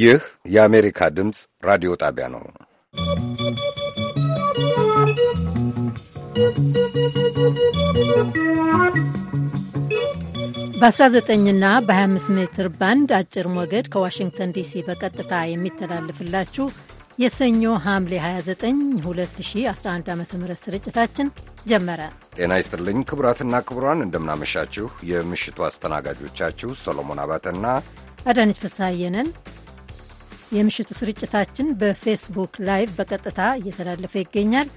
ይህ የአሜሪካ ድምፅ ራዲዮ ጣቢያ ነው። በ19ና በ25 ሜትር ባንድ አጭር ሞገድ ከዋሽንግተን ዲሲ በቀጥታ የሚተላለፍላችሁ የሰኞ ሐምሌ 29 2011 ዓ ም ስርጭታችን ጀመረ። ጤና ይስጥልኝ ክቡራትና ክቡራን፣ እንደምናመሻችሁ። የምሽቱ አስተናጋጆቻችሁ ሰሎሞን አባተና አዳነች ፍስሐዬ ነን። የምሽቱ ስርጭታችን በፌስቡክ ላይቭ በቀጥታ እየተላለፈ ይገኛል።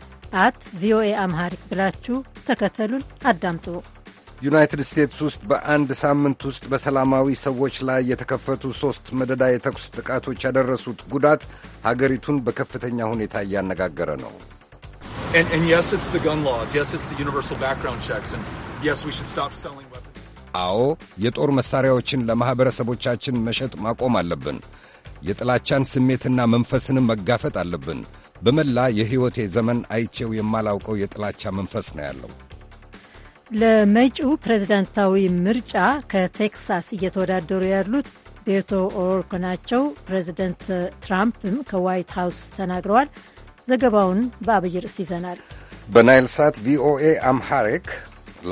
አት ቪኦኤ አምሃሪክ ብላችሁ ተከተሉን አዳምጡ። ዩናይትድ ስቴትስ ውስጥ በአንድ ሳምንት ውስጥ በሰላማዊ ሰዎች ላይ የተከፈቱ ሦስት መደዳ የተኩስ ጥቃቶች ያደረሱት ጉዳት ሀገሪቱን በከፍተኛ ሁኔታ እያነጋገረ ነው። አዎ የጦር መሣሪያዎችን ለማኅበረሰቦቻችን መሸጥ ማቆም አለብን። የጥላቻን ስሜትና መንፈስንም መጋፈጥ አለብን። በመላ የሕይወቴ ዘመን አይቼው የማላውቀው የጥላቻ መንፈስ ነው ያለው። ለመጪው ፕሬዝዳንታዊ ምርጫ ከቴክሳስ እየተወዳደሩ ያሉት ቤቶ ኦሮርክ ናቸው። ፕሬዚደንት ትራምፕም ከዋይት ሃውስ ተናግረዋል። ዘገባውን በአብይ ርዕስ ይዘናል። በናይል ሳት ቪኦኤ አምሐሪክ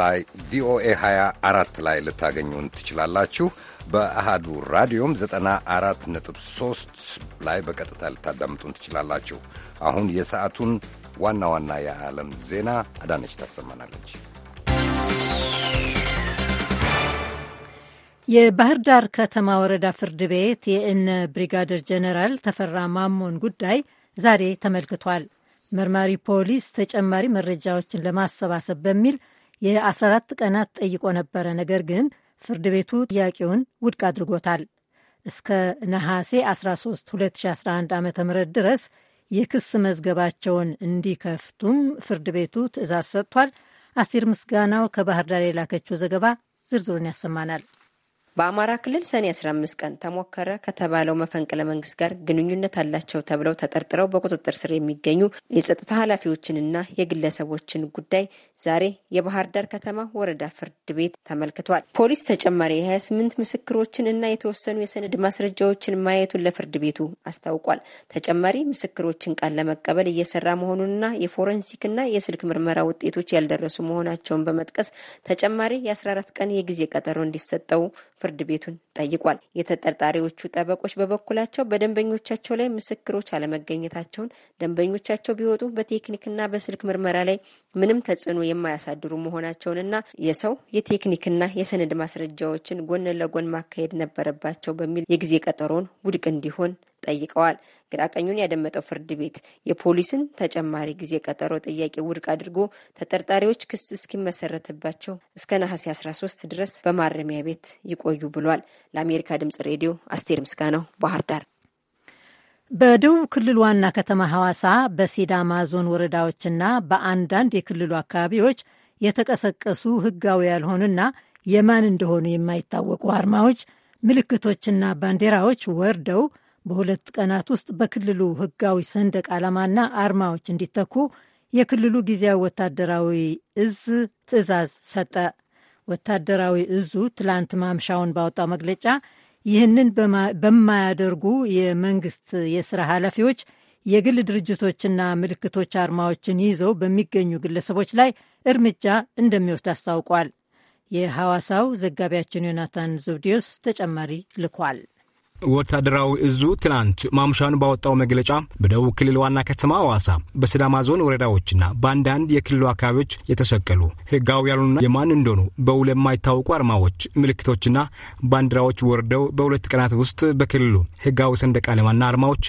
ላይ ቪኦኤ 24 ላይ ልታገኙን ትችላላችሁ። በአሃዱ ራዲዮም 94.3 ላይ በቀጥታ ልታዳምጡን ትችላላችሁ። አሁን የሰዓቱን ዋና ዋና የዓለም ዜና አዳነች ታሰማናለች። የባህር ዳር ከተማ ወረዳ ፍርድ ቤት የእነ ብሪጋደር ጀነራል ተፈራ ማሞን ጉዳይ ዛሬ ተመልክቷል። መርማሪ ፖሊስ ተጨማሪ መረጃዎችን ለማሰባሰብ በሚል የ14 ቀናት ጠይቆ ነበረ። ነገር ግን ፍርድ ቤቱ ጥያቄውን ውድቅ አድርጎታል። እስከ ነሐሴ 13 2011 ዓ ም ድረስ የክስ መዝገባቸውን እንዲከፍቱም ፍርድ ቤቱ ትዕዛዝ ሰጥቷል። አስቴር ምስጋናው ከባህር ዳር የላከችው ዘገባ ዝርዝሩን ያሰማናል። በአማራ ክልል ሰኔ 15 ቀን ተሞከረ ከተባለው መፈንቅለ መንግስት ጋር ግንኙነት አላቸው ተብለው ተጠርጥረው በቁጥጥር ስር የሚገኙ የጸጥታ ኃላፊዎችንና የግለሰቦችን ጉዳይ ዛሬ የባህር ዳር ከተማ ወረዳ ፍርድ ቤት ተመልክቷል። ፖሊስ ተጨማሪ የ28 ምስክሮችን እና የተወሰኑ የሰነድ ማስረጃዎችን ማየቱን ለፍርድ ቤቱ አስታውቋል። ተጨማሪ ምስክሮችን ቃል ለመቀበል እየሰራ መሆኑንና የፎረንሲክና የስልክ ምርመራ ውጤቶች ያልደረሱ መሆናቸውን በመጥቀስ ተጨማሪ የ14 ቀን የጊዜ ቀጠሮ እንዲሰጠው ፍርድ ቤቱን ጠይቋል። የተጠርጣሪዎቹ ጠበቆች በበኩላቸው በደንበኞቻቸው ላይ ምስክሮች አለመገኘታቸውን፣ ደንበኞቻቸው ቢወጡ በቴክኒክና በስልክ ምርመራ ላይ ምንም ተጽዕኖ የማያሳድሩ መሆናቸውንና የሰው የቴክኒክና የሰነድ ማስረጃዎችን ጎን ለጎን ማካሄድ ነበረባቸው በሚል የጊዜ ቀጠሮውን ውድቅ እንዲሆን ጠይቀዋል። ግራቀኙን ያደመጠው ፍርድ ቤት የፖሊስን ተጨማሪ ጊዜ ቀጠሮ ጥያቄ ውድቅ አድርጎ ተጠርጣሪዎች ክስ እስኪመሰረትባቸው እስከ ነሐሴ 13 ድረስ በማረሚያ ቤት ይቆዩ ብሏል። ለአሜሪካ ድምጽ ሬዲዮ አስቴር ምስጋናው ባህር ዳር። በደቡብ ክልል ዋና ከተማ ሐዋሳ በሲዳማ ዞን ወረዳዎችና በአንዳንድ የክልሉ አካባቢዎች የተቀሰቀሱ ህጋዊ ያልሆኑና የማን እንደሆኑ የማይታወቁ አርማዎች፣ ምልክቶችና ባንዲራዎች ወርደው በሁለት ቀናት ውስጥ በክልሉ ህጋዊ ሰንደቅ ዓላማና አርማዎች እንዲተኩ የክልሉ ጊዜያዊ ወታደራዊ እዝ ትዕዛዝ ሰጠ። ወታደራዊ እዙ ትላንት ማምሻውን ባወጣው መግለጫ ይህንን በማያደርጉ የመንግስት የሥራ ኃላፊዎች፣ የግል ድርጅቶችና ምልክቶች አርማዎችን ይዘው በሚገኙ ግለሰቦች ላይ እርምጃ እንደሚወስድ አስታውቋል። የሐዋሳው ዘጋቢያችን ዮናታን ዘብዲዮስ ተጨማሪ ልኳል። ወታደራዊ እዙ ትናንት ማምሻውን ባወጣው መግለጫ በደቡብ ክልል ዋና ከተማ ሐዋሳ በሲዳማ ዞን ወረዳዎችና በአንዳንድ የክልሉ አካባቢዎች የተሰቀሉ ህጋዊ ያሉና የማን እንደሆኑ በውል የማይታወቁ አርማዎች፣ ምልክቶችና ባንዲራዎች ወርደው በሁለት ቀናት ውስጥ በክልሉ ህጋዊ ሰንደቅ ዓላማና አርማዎች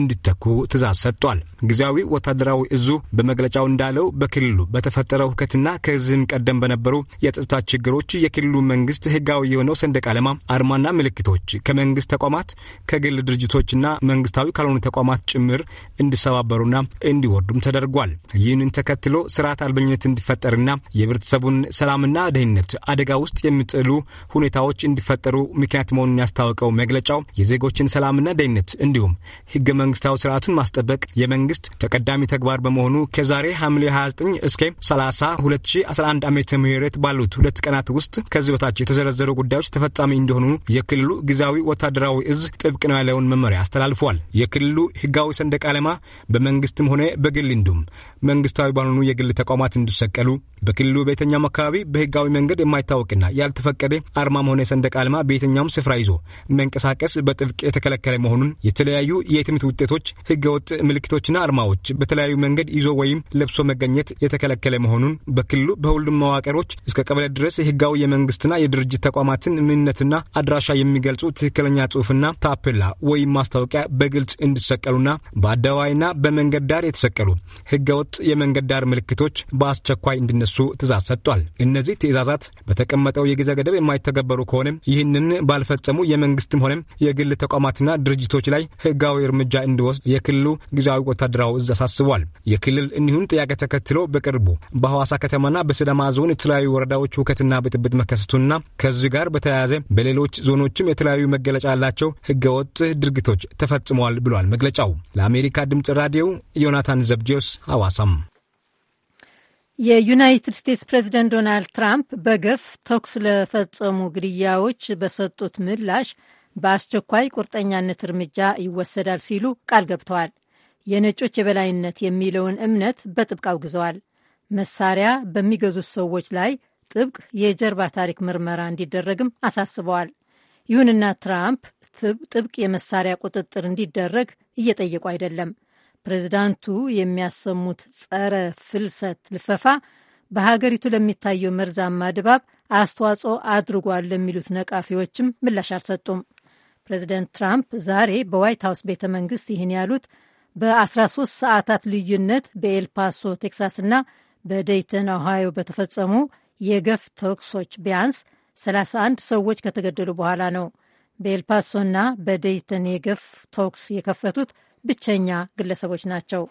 እንዲተኩ ትእዛዝ ሰጥቷል። ጊዜያዊ ወታደራዊ እዙ በመግለጫው እንዳለው በክልሉ በተፈጠረው ሁከትና ከዚህም ቀደም በነበሩ የጸጥታ ችግሮች የክልሉ መንግስት ህጋዊ የሆነው ሰንደቅ ዓላማ አርማና ምልክቶች ከመንግስት ተቋማት በመግባት ከግል ድርጅቶችና መንግስታዊ ካልሆኑ ተቋማት ጭምር እንዲሰባበሩና እንዲወርዱም ተደርጓል። ይህንን ተከትሎ ስርዓት አልበኝነት እንዲፈጠርና የህብረተሰቡን ሰላምና ደህንነት አደጋ ውስጥ የሚጥሉ ሁኔታዎች እንዲፈጠሩ ምክንያት መሆኑን ያስታወቀው መግለጫው የዜጎችን ሰላምና ደህንነት እንዲሁም ህገ መንግስታዊ ስርዓቱን ማስጠበቅ የመንግስት ተቀዳሚ ተግባር በመሆኑ ከዛሬ ሐምሌ 29 እስከ 30 2011 ዓ ም ባሉት ሁለት ቀናት ውስጥ ከዚህ በታች የተዘረዘሩ ጉዳዮች ተፈጻሚ እንዲሆኑ የክልሉ ጊዜያዊ ወታደራዊ እዝ ጥብቅ ነው ያለውን መመሪያ አስተላልፏል። የክልሉ ህጋዊ ሰንደቅ ዓላማ በመንግስትም ሆነ በግል እንዲሁም መንግስታዊ ባልሆኑ የግል ተቋማት እንዲሰቀሉ በክልሉ በየትኛውም አካባቢ በህጋዊ መንገድ የማይታወቅና ያልተፈቀደ አርማም ሆነ ሰንደቅ ዓላማ በየትኛውም ስፍራ ይዞ መንቀሳቀስ በጥብቅ የተከለከለ መሆኑን የተለያዩ የትምህርት ውጤቶች ህገወጥ ምልክቶችና አርማዎች በተለያዩ መንገድ ይዞ ወይም ለብሶ መገኘት የተከለከለ መሆኑን በክልሉ በሁሉም መዋቅሮች እስከ ቀበሌ ድረስ ህጋዊ የመንግስትና የድርጅት ተቋማትን ምንነትና አድራሻ የሚገልጹ ትክክለኛ ጽሁፍና ታፔላ ወይም ማስታወቂያ በግልጽ እንዲሰቀሉና በአደባባይና በመንገድ ዳር የተሰቀሉ ህገወጥ የወጡ የመንገድ ዳር ምልክቶች በአስቸኳይ እንዲነሱ ትእዛዝ ሰጥቷል። እነዚህ ትእዛዛት በተቀመጠው የጊዜ ገደብ የማይተገበሩ ከሆነም ይህንን ባልፈጸሙ የመንግስትም ሆነም የግል ተቋማትና ድርጅቶች ላይ ህጋዊ እርምጃ እንዲወስድ የክልሉ ጊዜያዊ ወታደራዊ እዝ አሳስቧል። የክልል እኒሁን ጥያቄ ተከትሎ በቅርቡ በሐዋሳ ከተማና በስዳማ ዞን የተለያዩ ወረዳዎች ውከትና ብጥብጥ መከሰቱና ከዚህ ጋር በተያያዘ በሌሎች ዞኖችም የተለያዩ መገለጫ ያላቸው ህገወጥ ድርጊቶች ተፈጽመዋል ብሏል መግለጫው። ለአሜሪካ ድምፅ ራዲዮ ዮናታን ዘብዲዮስ ሐዋሳ። ተገለጸም። የዩናይትድ ስቴትስ ፕሬዚደንት ዶናልድ ትራምፕ በገፍ ተኩስ ለፈጸሙ ግድያዎች በሰጡት ምላሽ በአስቸኳይ ቁርጠኛነት እርምጃ ይወሰዳል ሲሉ ቃል ገብተዋል። የነጮች የበላይነት የሚለውን እምነት በጥብቅ አውግዘዋል። መሳሪያ በሚገዙት ሰዎች ላይ ጥብቅ የጀርባ ታሪክ ምርመራ እንዲደረግም አሳስበዋል። ይሁንና ትራምፕ ጥብቅ የመሳሪያ ቁጥጥር እንዲደረግ እየጠየቁ አይደለም። ፕሬዚዳንቱ የሚያሰሙት ጸረ ፍልሰት ልፈፋ በሀገሪቱ ለሚታየው መርዛማ ድባብ አስተዋጽኦ አድርጓል ለሚሉት ነቃፊዎችም ምላሽ አልሰጡም። ፕሬዚደንት ትራምፕ ዛሬ በዋይት ሀውስ ቤተ መንግስት ይህን ያሉት በ13 ሰዓታት ልዩነት በኤልፓሶ ቴክሳስና በደይተን ኦሃዮ በተፈጸሙ የገፍ ተኩሶች ቢያንስ 31 ሰዎች ከተገደሉ በኋላ ነው። በኤልፓሶና በደይተን የገፍ ተኩስ የከፈቱት ብቸኛ ግለሰቦች ናቸው።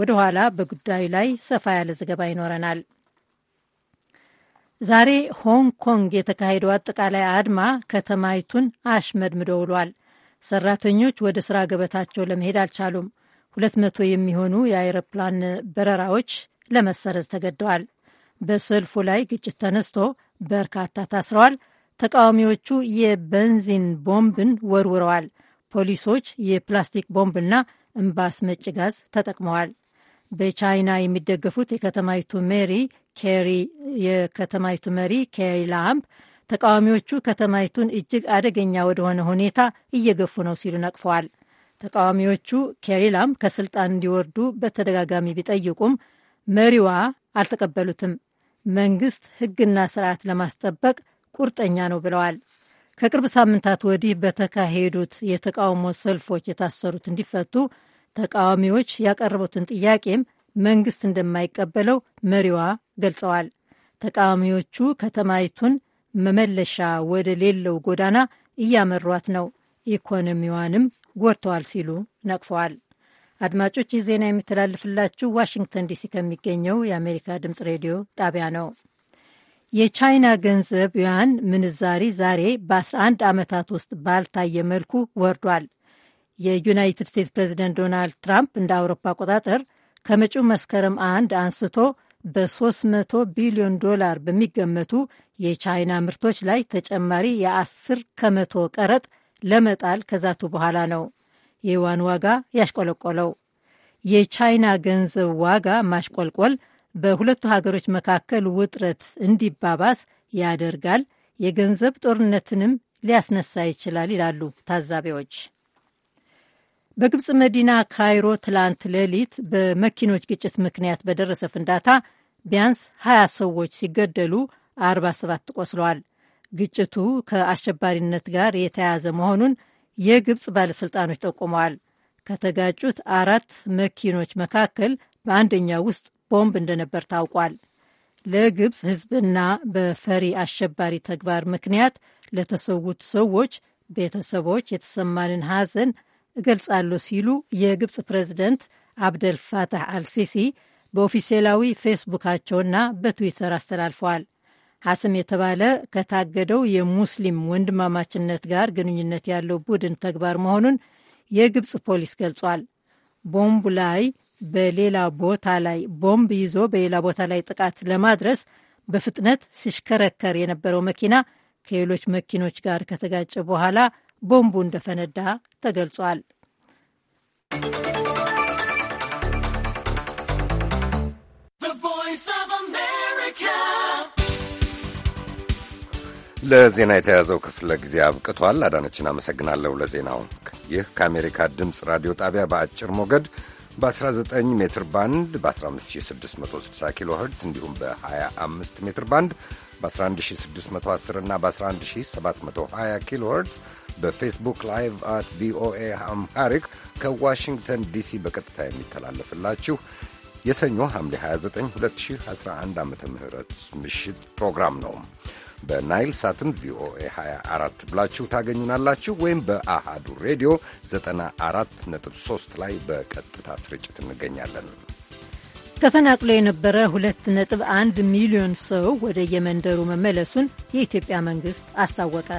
ወደ ኋላ በጉዳዩ ላይ ሰፋ ያለ ዘገባ ይኖረናል። ዛሬ ሆንግ ኮንግ የተካሄደው አጠቃላይ አድማ ከተማይቱን አሽመድምዶ ውሏል። ሰራተኞች ወደ ስራ ገበታቸው ለመሄድ አልቻሉም። ሁለት መቶ የሚሆኑ የአይሮፕላን በረራዎች ለመሰረዝ ተገደዋል። በሰልፉ ላይ ግጭት ተነስቶ በርካታ ታስረዋል። ተቃዋሚዎቹ የቤንዚን ቦምብን ወርውረዋል። ፖሊሶች የፕላስቲክ ቦምብና እምባ መጭ ጋዝ ተጠቅመዋል። በቻይና የሚደገፉት የከተማይቱ መሪ ኬሪ የከተማይቱ መሪ ኬሪ ላምፕ ተቃዋሚዎቹ ከተማይቱን እጅግ አደገኛ ወደሆነ ሁኔታ እየገፉ ነው ሲሉ ነቅፈዋል። ተቃዋሚዎቹ ኬሪ ላምፕ ከስልጣን እንዲወርዱ በተደጋጋሚ ቢጠይቁም መሪዋ አልተቀበሉትም። መንግስት ህግና ስርዓት ለማስጠበቅ ቁርጠኛ ነው ብለዋል። ከቅርብ ሳምንታት ወዲህ በተካሄዱት የተቃውሞ ሰልፎች የታሰሩት እንዲፈቱ ተቃዋሚዎች ያቀረቡትን ጥያቄም መንግስት እንደማይቀበለው መሪዋ ገልጸዋል። ተቃዋሚዎቹ ከተማይቱን መመለሻ ወደ ሌለው ጎዳና እያመሯት ነው፣ ኢኮኖሚዋንም ጎድተዋል ሲሉ ነቅፈዋል። አድማጮች ይህ ዜና የሚተላልፍላችሁ ዋሽንግተን ዲሲ ከሚገኘው የአሜሪካ ድምጽ ሬዲዮ ጣቢያ ነው። የቻይና ገንዘብ ዩዋን ምንዛሪ ዛሬ በ11 ዓመታት ውስጥ ባልታየ መልኩ ወርዷል። የዩናይትድ ስቴትስ ፕሬዚደንት ዶናልድ ትራምፕ እንደ አውሮፓ አቆጣጠር ከመጪው መስከረም አንድ አንስቶ በ300 ቢሊዮን ዶላር በሚገመቱ የቻይና ምርቶች ላይ ተጨማሪ የ10 ከመቶ ቀረጥ ለመጣል ከዛቱ በኋላ ነው የዩዋን ዋጋ ያሽቆለቆለው። የቻይና ገንዘብ ዋጋ ማሽቆልቆል በሁለቱ ሀገሮች መካከል ውጥረት እንዲባባስ ያደርጋል፣ የገንዘብ ጦርነትንም ሊያስነሳ ይችላል ይላሉ ታዛቢዎች። በግብፅ መዲና ካይሮ ትላንት ሌሊት በመኪኖች ግጭት ምክንያት በደረሰ ፍንዳታ ቢያንስ 20 ሰዎች ሲገደሉ 47 ቆስለዋል። ግጭቱ ከአሸባሪነት ጋር የተያያዘ መሆኑን የግብፅ ባለሥልጣኖች ጠቁመዋል። ከተጋጩት አራት መኪኖች መካከል በአንደኛው ውስጥ ቦምብ እንደነበር ታውቋል። ለግብፅ ሕዝብና በፈሪ አሸባሪ ተግባር ምክንያት ለተሰዉት ሰዎች ቤተሰቦች የተሰማንን ሐዘን እገልጻለሁ ሲሉ የግብፅ ፕሬዚደንት አብደል ፋታህ አልሲሲ በኦፊሴላዊ ፌስቡካቸውና በትዊተር አስተላልፈዋል። ሐስም የተባለ ከታገደው የሙስሊም ወንድማማችነት ጋር ግንኙነት ያለው ቡድን ተግባር መሆኑን የግብፅ ፖሊስ ገልጿል። ቦምቡ ላይ በሌላ ቦታ ላይ ቦምብ ይዞ በሌላ ቦታ ላይ ጥቃት ለማድረስ በፍጥነት ሲሽከረከር የነበረው መኪና ከሌሎች መኪኖች ጋር ከተጋጨ በኋላ ቦምቡ እንደፈነዳ ተገልጿል። ለዜና የተያዘው ክፍለ ጊዜ አብቅቷል። አዳነችን አመሰግናለሁ ለዜናው። ይህ ከአሜሪካ ድምፅ ራዲዮ ጣቢያ በአጭር ሞገድ በ19 ሜትር ባንድ በ15660 ኪሎ ኸርትዝ እንዲሁም በ25 ሜትር ባንድ በ11610 እና በ11720 ኪሎ ኸርትዝ በፌስቡክ ላይቭ አት ቪኦኤ አምሃሪክ ከዋሽንግተን ዲሲ በቀጥታ የሚተላለፍላችሁ የሰኞ ሐምሌ 29 2011 ዓ ም ምሽት ፕሮግራም ነው። በናይል ሳትም ቪኦኤ 24 ብላችሁ ታገኙናላችሁ። ወይም በአሃዱ ሬዲዮ 94.3 ላይ በቀጥታ ስርጭት እንገኛለን። ተፈናቅሎ የነበረ 2.1 ሚሊዮን ሰው ወደ የመንደሩ መመለሱን የኢትዮጵያ መንግሥት አስታወቀ።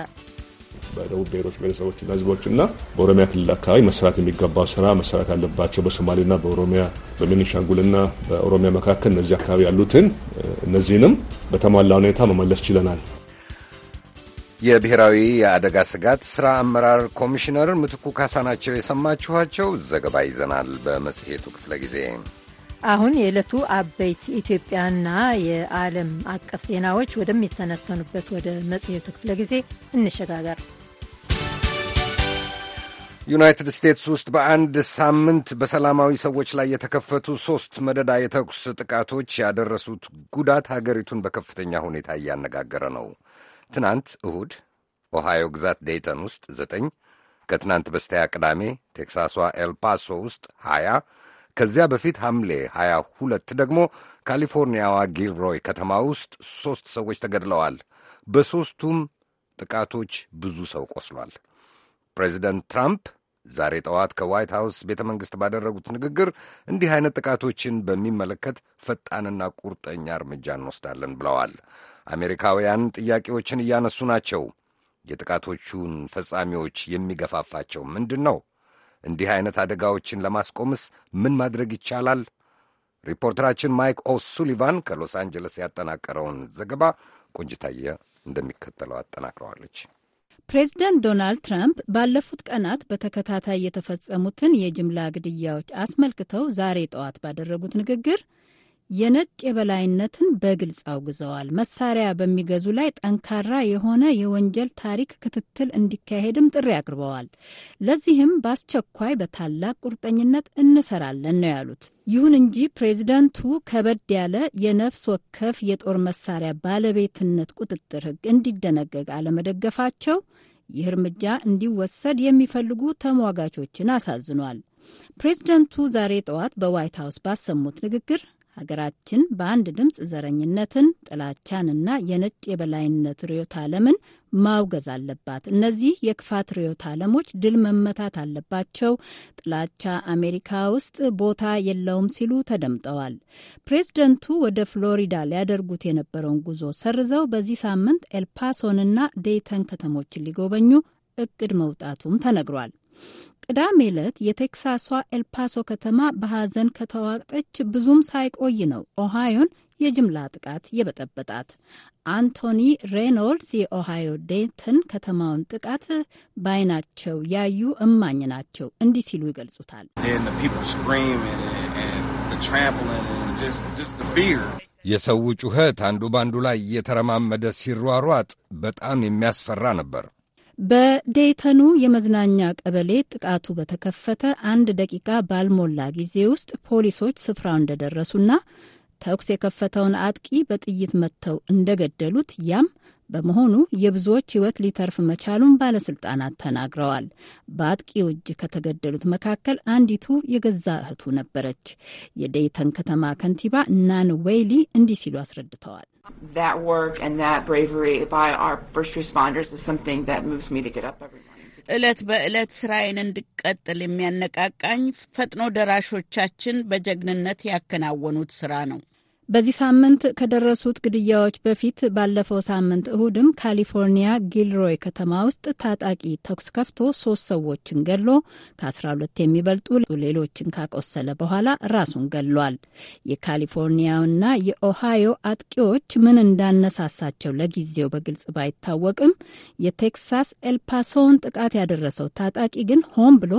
በደቡብ ብሔሮች ብሔረሰቦችና ህዝቦች በኦሮሚያ ክልል አካባቢ መሰራት የሚገባው ስራ መሰራት ያለባቸው በሶማሌና በኦሮሚያ በቤኒሻንጉልና በኦሮሚያ መካከል እነዚህ አካባቢ ያሉትን እነዚህንም በተሟላ ሁኔታ መመለስ ችለናል። የብሔራዊ የአደጋ ስጋት ሥራ አመራር ኮሚሽነር ምትኩ ካሳ ናቸው የሰማችኋቸው። ዘገባ ይዘናል በመጽሔቱ ክፍለ ጊዜ። አሁን የዕለቱ አበይት ኢትዮጵያና የዓለም አቀፍ ዜናዎች ወደሚተነተኑበት ወደ መጽሔቱ ክፍለ ጊዜ እንሸጋገር። ዩናይትድ ስቴትስ ውስጥ በአንድ ሳምንት በሰላማዊ ሰዎች ላይ የተከፈቱ ሶስት መደዳ የተኩስ ጥቃቶች ያደረሱት ጉዳት ሀገሪቱን በከፍተኛ ሁኔታ እያነጋገረ ነው። ትናንት እሁድ ኦሃዮ ግዛት ዴይተን ውስጥ ዘጠኝ፣ ከትናንት በስቲያ ቅዳሜ ቴክሳሷ ኤልፓሶ ውስጥ ሀያ ከዚያ በፊት ሐምሌ ሁለት ደግሞ ካሊፎርኒያዋ ጊልሮይ ከተማ ውስጥ ሦስት ሰዎች ተገድለዋል። በሦስቱም ጥቃቶች ብዙ ሰው ቆስሏል። ፕሬዚደንት ትራምፕ ዛሬ ጠዋት ከዋይት ሃውስ ቤተ መንግሥት ባደረጉት ንግግር እንዲህ አይነት ጥቃቶችን በሚመለከት ፈጣንና ቁርጠኛ እርምጃ እንወስዳለን ብለዋል። አሜሪካውያን ጥያቄዎችን እያነሱ ናቸው። የጥቃቶቹን ፈጻሚዎች የሚገፋፋቸው ምንድን ነው? እንዲህ አይነት አደጋዎችን ለማስቆምስ ምን ማድረግ ይቻላል? ሪፖርተራችን ማይክ ኦሱሊቫን ከሎስ አንጀለስ ያጠናቀረውን ዘገባ ቆንጅታየ እንደሚከተለው አጠናቅረዋለች። ፕሬዝደንት ዶናልድ ትራምፕ ባለፉት ቀናት በተከታታይ የተፈጸሙትን የጅምላ ግድያዎች አስመልክተው ዛሬ ጠዋት ባደረጉት ንግግር የነጭ የበላይነትን በግልጽ አውግዘዋል። መሳሪያ በሚገዙ ላይ ጠንካራ የሆነ የወንጀል ታሪክ ክትትል እንዲካሄድም ጥሪ አቅርበዋል። ለዚህም በአስቸኳይ በታላቅ ቁርጠኝነት እንሰራለን ነው ያሉት። ይሁን እንጂ ፕሬዚዳንቱ ከበድ ያለ የነፍስ ወከፍ የጦር መሳሪያ ባለቤትነት ቁጥጥር ሕግ እንዲደነገግ አለመደገፋቸው ይህ እርምጃ እንዲወሰድ የሚፈልጉ ተሟጋቾችን አሳዝኗል። ፕሬዚዳንቱ ዛሬ ጠዋት በዋይት ሀውስ ባሰሙት ንግግር ሀገራችን በአንድ ድምፅ ዘረኝነትን፣ ጥላቻንና የነጭ የበላይነት ርዕዮተ ዓለምን ማውገዝ አለባት። እነዚህ የክፋት ርዕዮተ ዓለሞች ድል መመታት አለባቸው። ጥላቻ አሜሪካ ውስጥ ቦታ የለውም ሲሉ ተደምጠዋል። ፕሬዝደንቱ ወደ ፍሎሪዳ ሊያደርጉት የነበረውን ጉዞ ሰርዘው በዚህ ሳምንት ኤልፓሶንና ዴይተን ከተሞችን ሊጎበኙ እቅድ መውጣቱም ተነግሯል። ቅዳሜ ዕለት የቴክሳሷ ኤልፓሶ ከተማ በሐዘን ከተዋጠች ብዙም ሳይቆይ ነው ኦሃዮን የጅምላ ጥቃት የበጠበጣት። አንቶኒ ሬኖልድስ የኦሃዮ ዴንተን ከተማውን ጥቃት ባይናቸው ያዩ እማኝ ናቸው። እንዲህ ሲሉ ይገልጹታል። የሰው ጩኸት አንዱ ባንዱ ላይ እየተረማመደ ሲሯሯጥ በጣም የሚያስፈራ ነበር። በዴይተኑ የመዝናኛ ቀበሌ ጥቃቱ በተከፈተ አንድ ደቂቃ ባልሞላ ጊዜ ውስጥ ፖሊሶች ስፍራው እንደደረሱና ተኩስ የከፈተውን አጥቂ በጥይት መጥተው እንደገደሉት ያም በመሆኑ የብዙዎች ሕይወት ሊተርፍ መቻሉን ባለስልጣናት ተናግረዋል። በአጥቂው እጅ ከተገደሉት መካከል አንዲቱ የገዛ እህቱ ነበረች። የደይተን ከተማ ከንቲባ ናን ዌይሊ እንዲህ ሲሉ አስረድተዋል። እለት በእለት ስራዬን እንድቀጥል የሚያነቃቃኝ ፈጥኖ ደራሾቻችን በጀግንነት ያከናወኑት ስራ ነው። በዚህ ሳምንት ከደረሱት ግድያዎች በፊት ባለፈው ሳምንት እሁድም ካሊፎርኒያ ጊልሮይ ከተማ ውስጥ ታጣቂ ተኩስ ከፍቶ ሶስት ሰዎችን ገሎ ከ12 የሚበልጡ ሌሎችን ካቆሰለ በኋላ ራሱን ገሏል። የካሊፎርኒያውና የኦሃዮ አጥቂዎች ምን እንዳነሳሳቸው ለጊዜው በግልጽ ባይታወቅም የቴክሳስ ኤልፓሶውን ጥቃት ያደረሰው ታጣቂ ግን ሆን ብሎ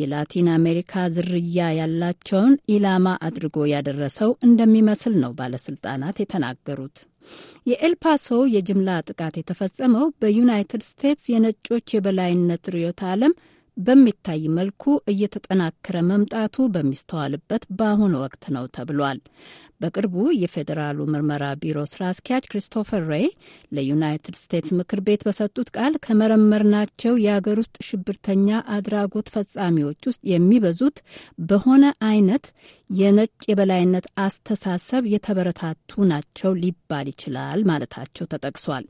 የላቲን አሜሪካ ዝርያ ያላቸውን ኢላማ አድርጎ ያደረሰው እንደሚመስል ነው ባለስልጣናት የተናገሩት። የኤልፓሶ የጅምላ ጥቃት የተፈጸመው በዩናይትድ ስቴትስ የነጮች የበላይነት ርዕዮተ ዓለም በሚታይ መልኩ እየተጠናከረ መምጣቱ በሚስተዋልበት በአሁኑ ወቅት ነው ተብሏል። በቅርቡ የፌዴራሉ ምርመራ ቢሮ ስራ አስኪያጅ ክሪስቶፈር ሬይ ለዩናይትድ ስቴትስ ምክር ቤት በሰጡት ቃል ከመረመርናቸው የአገር ውስጥ ሽብርተኛ አድራጎት ፈጻሚዎች ውስጥ የሚበዙት በሆነ አይነት የነጭ የበላይነት አስተሳሰብ የተበረታቱ ናቸው ሊባል ይችላል ማለታቸው ተጠቅሷል።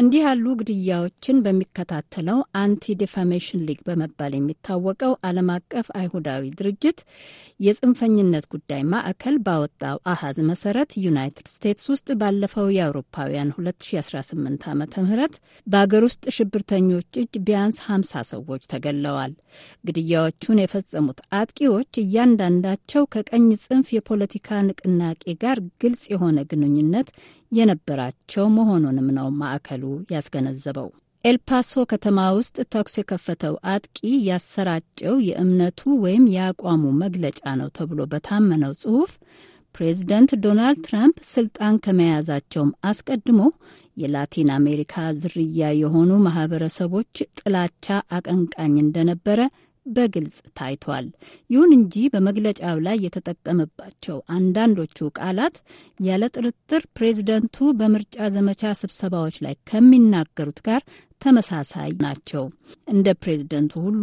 እንዲህ ያሉ ግድያዎችን በሚከታተለው አንቲ ዲፋሜሽን ሊግ በመባል የሚታወቀው ዓለም አቀፍ አይሁዳዊ ድርጅት የጽንፈኝነት ጉዳይ ማዕከል ባወጣው አሃዝ መሰረት ዩናይትድ ስቴትስ ውስጥ ባለፈው የአውሮፓውያን 2018 ዓ ም በአገር ውስጥ ሽብርተኞች እጅ ቢያንስ 50 ሰዎች ተገለዋል። ግድያዎቹን የፈጸሙት አጥቂዎች እያንዳንዳቸው ከቀኝ ጽንፍ የፖለቲካ ንቅናቄ ጋር ግልጽ የሆነ ግንኙነት የነበራቸው መሆኑንም ነው ማዕከሉ ያስገነዘበው። ኤልፓሶ ከተማ ውስጥ ተኩስ የከፈተው አጥቂ ያሰራጨው የእምነቱ ወይም የአቋሙ መግለጫ ነው ተብሎ በታመነው ጽሑፍ ፕሬዚደንት ዶናልድ ትራምፕ ስልጣን ከመያዛቸውም አስቀድሞ የላቲን አሜሪካ ዝርያ የሆኑ ማህበረሰቦች ጥላቻ አቀንቃኝ እንደነበረ በግልጽ ታይቷል። ይሁን እንጂ በመግለጫው ላይ የተጠቀመባቸው አንዳንዶቹ ቃላት ያለ ጥርጥር ፕሬዝደንቱ በምርጫ ዘመቻ ስብሰባዎች ላይ ከሚናገሩት ጋር ተመሳሳይ ናቸው። እንደ ፕሬዝደንቱ ሁሉ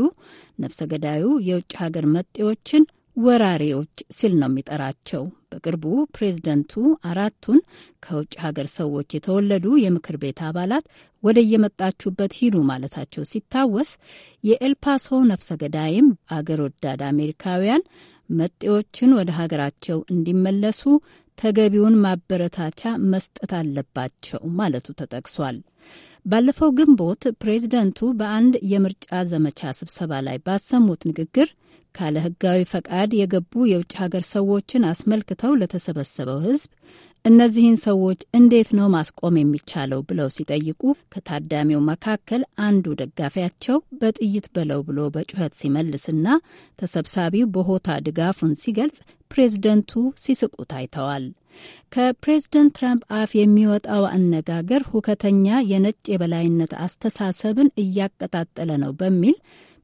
ነፍሰ ገዳዩ የውጭ ሀገር መጤዎችን ወራሪዎች ሲል ነው የሚጠራቸው። በቅርቡ ፕሬዝደንቱ አራቱን ከውጭ ሀገር ሰዎች የተወለዱ የምክር ቤት አባላት ወደ የመጣችሁበት ሂዱ ማለታቸው ሲታወስ የኤልፓሶ ነፍሰ ገዳይም አገር ወዳድ አሜሪካውያን መጤዎችን ወደ ሀገራቸው እንዲመለሱ ተገቢውን ማበረታቻ መስጠት አለባቸው ማለቱ ተጠቅሷል። ባለፈው ግንቦት ፕሬዝደንቱ በአንድ የምርጫ ዘመቻ ስብሰባ ላይ ባሰሙት ንግግር ካለ ህጋዊ ፈቃድ የገቡ የውጭ ሀገር ሰዎችን አስመልክተው ለተሰበሰበው ህዝብ እነዚህን ሰዎች እንዴት ነው ማስቆም የሚቻለው ብለው ሲጠይቁ ከታዳሚው መካከል አንዱ ደጋፊያቸው በጥይት በለው ብሎ በጩኸት ሲመልስና ተሰብሳቢው በሆታ ድጋፉን ሲገልጽ ፕሬዝደንቱ ሲስቁ ታይተዋል። ከፕሬዝደንት ትራምፕ አፍ የሚወጣው አነጋገር ሁከተኛ የነጭ የበላይነት አስተሳሰብን እያቀጣጠለ ነው በሚል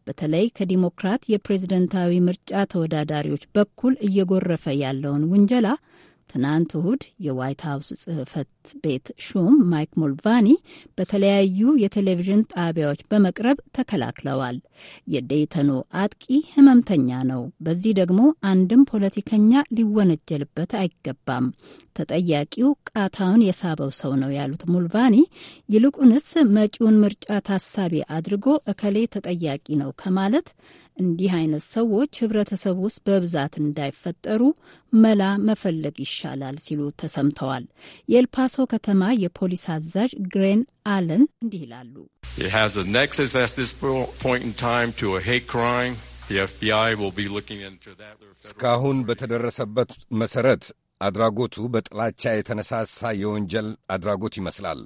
በተለይ ከዲሞክራት የፕሬዝደንታዊ ምርጫ ተወዳዳሪዎች በኩል እየጎረፈ ያለውን ውንጀላ ትናንት እሁድ የዋይት ሀውስ ጽህፈት ቤት ሹም ማይክ ሙልቫኒ በተለያዩ የቴሌቪዥን ጣቢያዎች በመቅረብ ተከላክለዋል። የዴይተኑ አጥቂ ህመምተኛ ነው፣ በዚህ ደግሞ አንድም ፖለቲከኛ ሊወነጀልበት አይገባም፣ ተጠያቂው ቃታውን የሳበው ሰው ነው ያሉት ሙልቫኒ ይልቁንስ መጪውን ምርጫ ታሳቢ አድርጎ እከሌ ተጠያቂ ነው ከማለት እንዲህ አይነት ሰዎች ህብረተሰብ ውስጥ በብዛት እንዳይፈጠሩ መላ መፈለግ ይሻላል ሲሉ ተሰምተዋል። የኤልፓሶ ከተማ የፖሊስ አዛዥ ግሬን አለን እንዲህ ይላሉ። እስካሁን በተደረሰበት መሰረት አድራጎቱ በጥላቻ የተነሳሳ የወንጀል አድራጎት ይመስላል።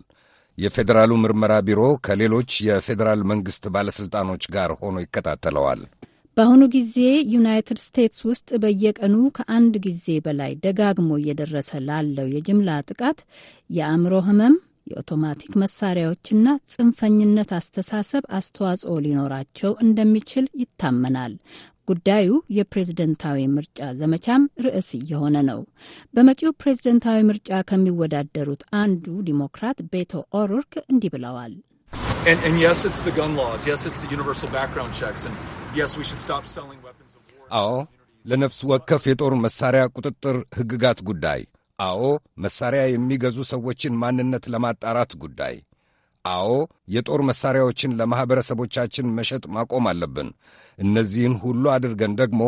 የፌዴራሉ ምርመራ ቢሮ ከሌሎች የፌዴራል መንግሥት ባለሥልጣኖች ጋር ሆኖ ይከታተለዋል። በአሁኑ ጊዜ ዩናይትድ ስቴትስ ውስጥ በየቀኑ ከአንድ ጊዜ በላይ ደጋግሞ እየደረሰ ላለው የጅምላ ጥቃት የአእምሮ ህመም የኦቶማቲክ መሳሪያዎችና ጽንፈኝነት አስተሳሰብ አስተዋጽኦ ሊኖራቸው እንደሚችል ይታመናል። ጉዳዩ የፕሬዝደንታዊ ምርጫ ዘመቻም ርዕስ እየሆነ ነው። በመጪው ፕሬዝደንታዊ ምርጫ ከሚወዳደሩት አንዱ ዲሞክራት ቤቶ ኦሩርክ እንዲህ ብለዋል። አዎ ለነፍስ ወከፍ የጦር መሳሪያ ቁጥጥር ሕግጋት ጉዳይ፣ አዎ መሳሪያ የሚገዙ ሰዎችን ማንነት ለማጣራት ጉዳይ አዎ፣ የጦር መሳሪያዎችን ለማኅበረሰቦቻችን መሸጥ ማቆም አለብን። እነዚህን ሁሉ አድርገን ደግሞ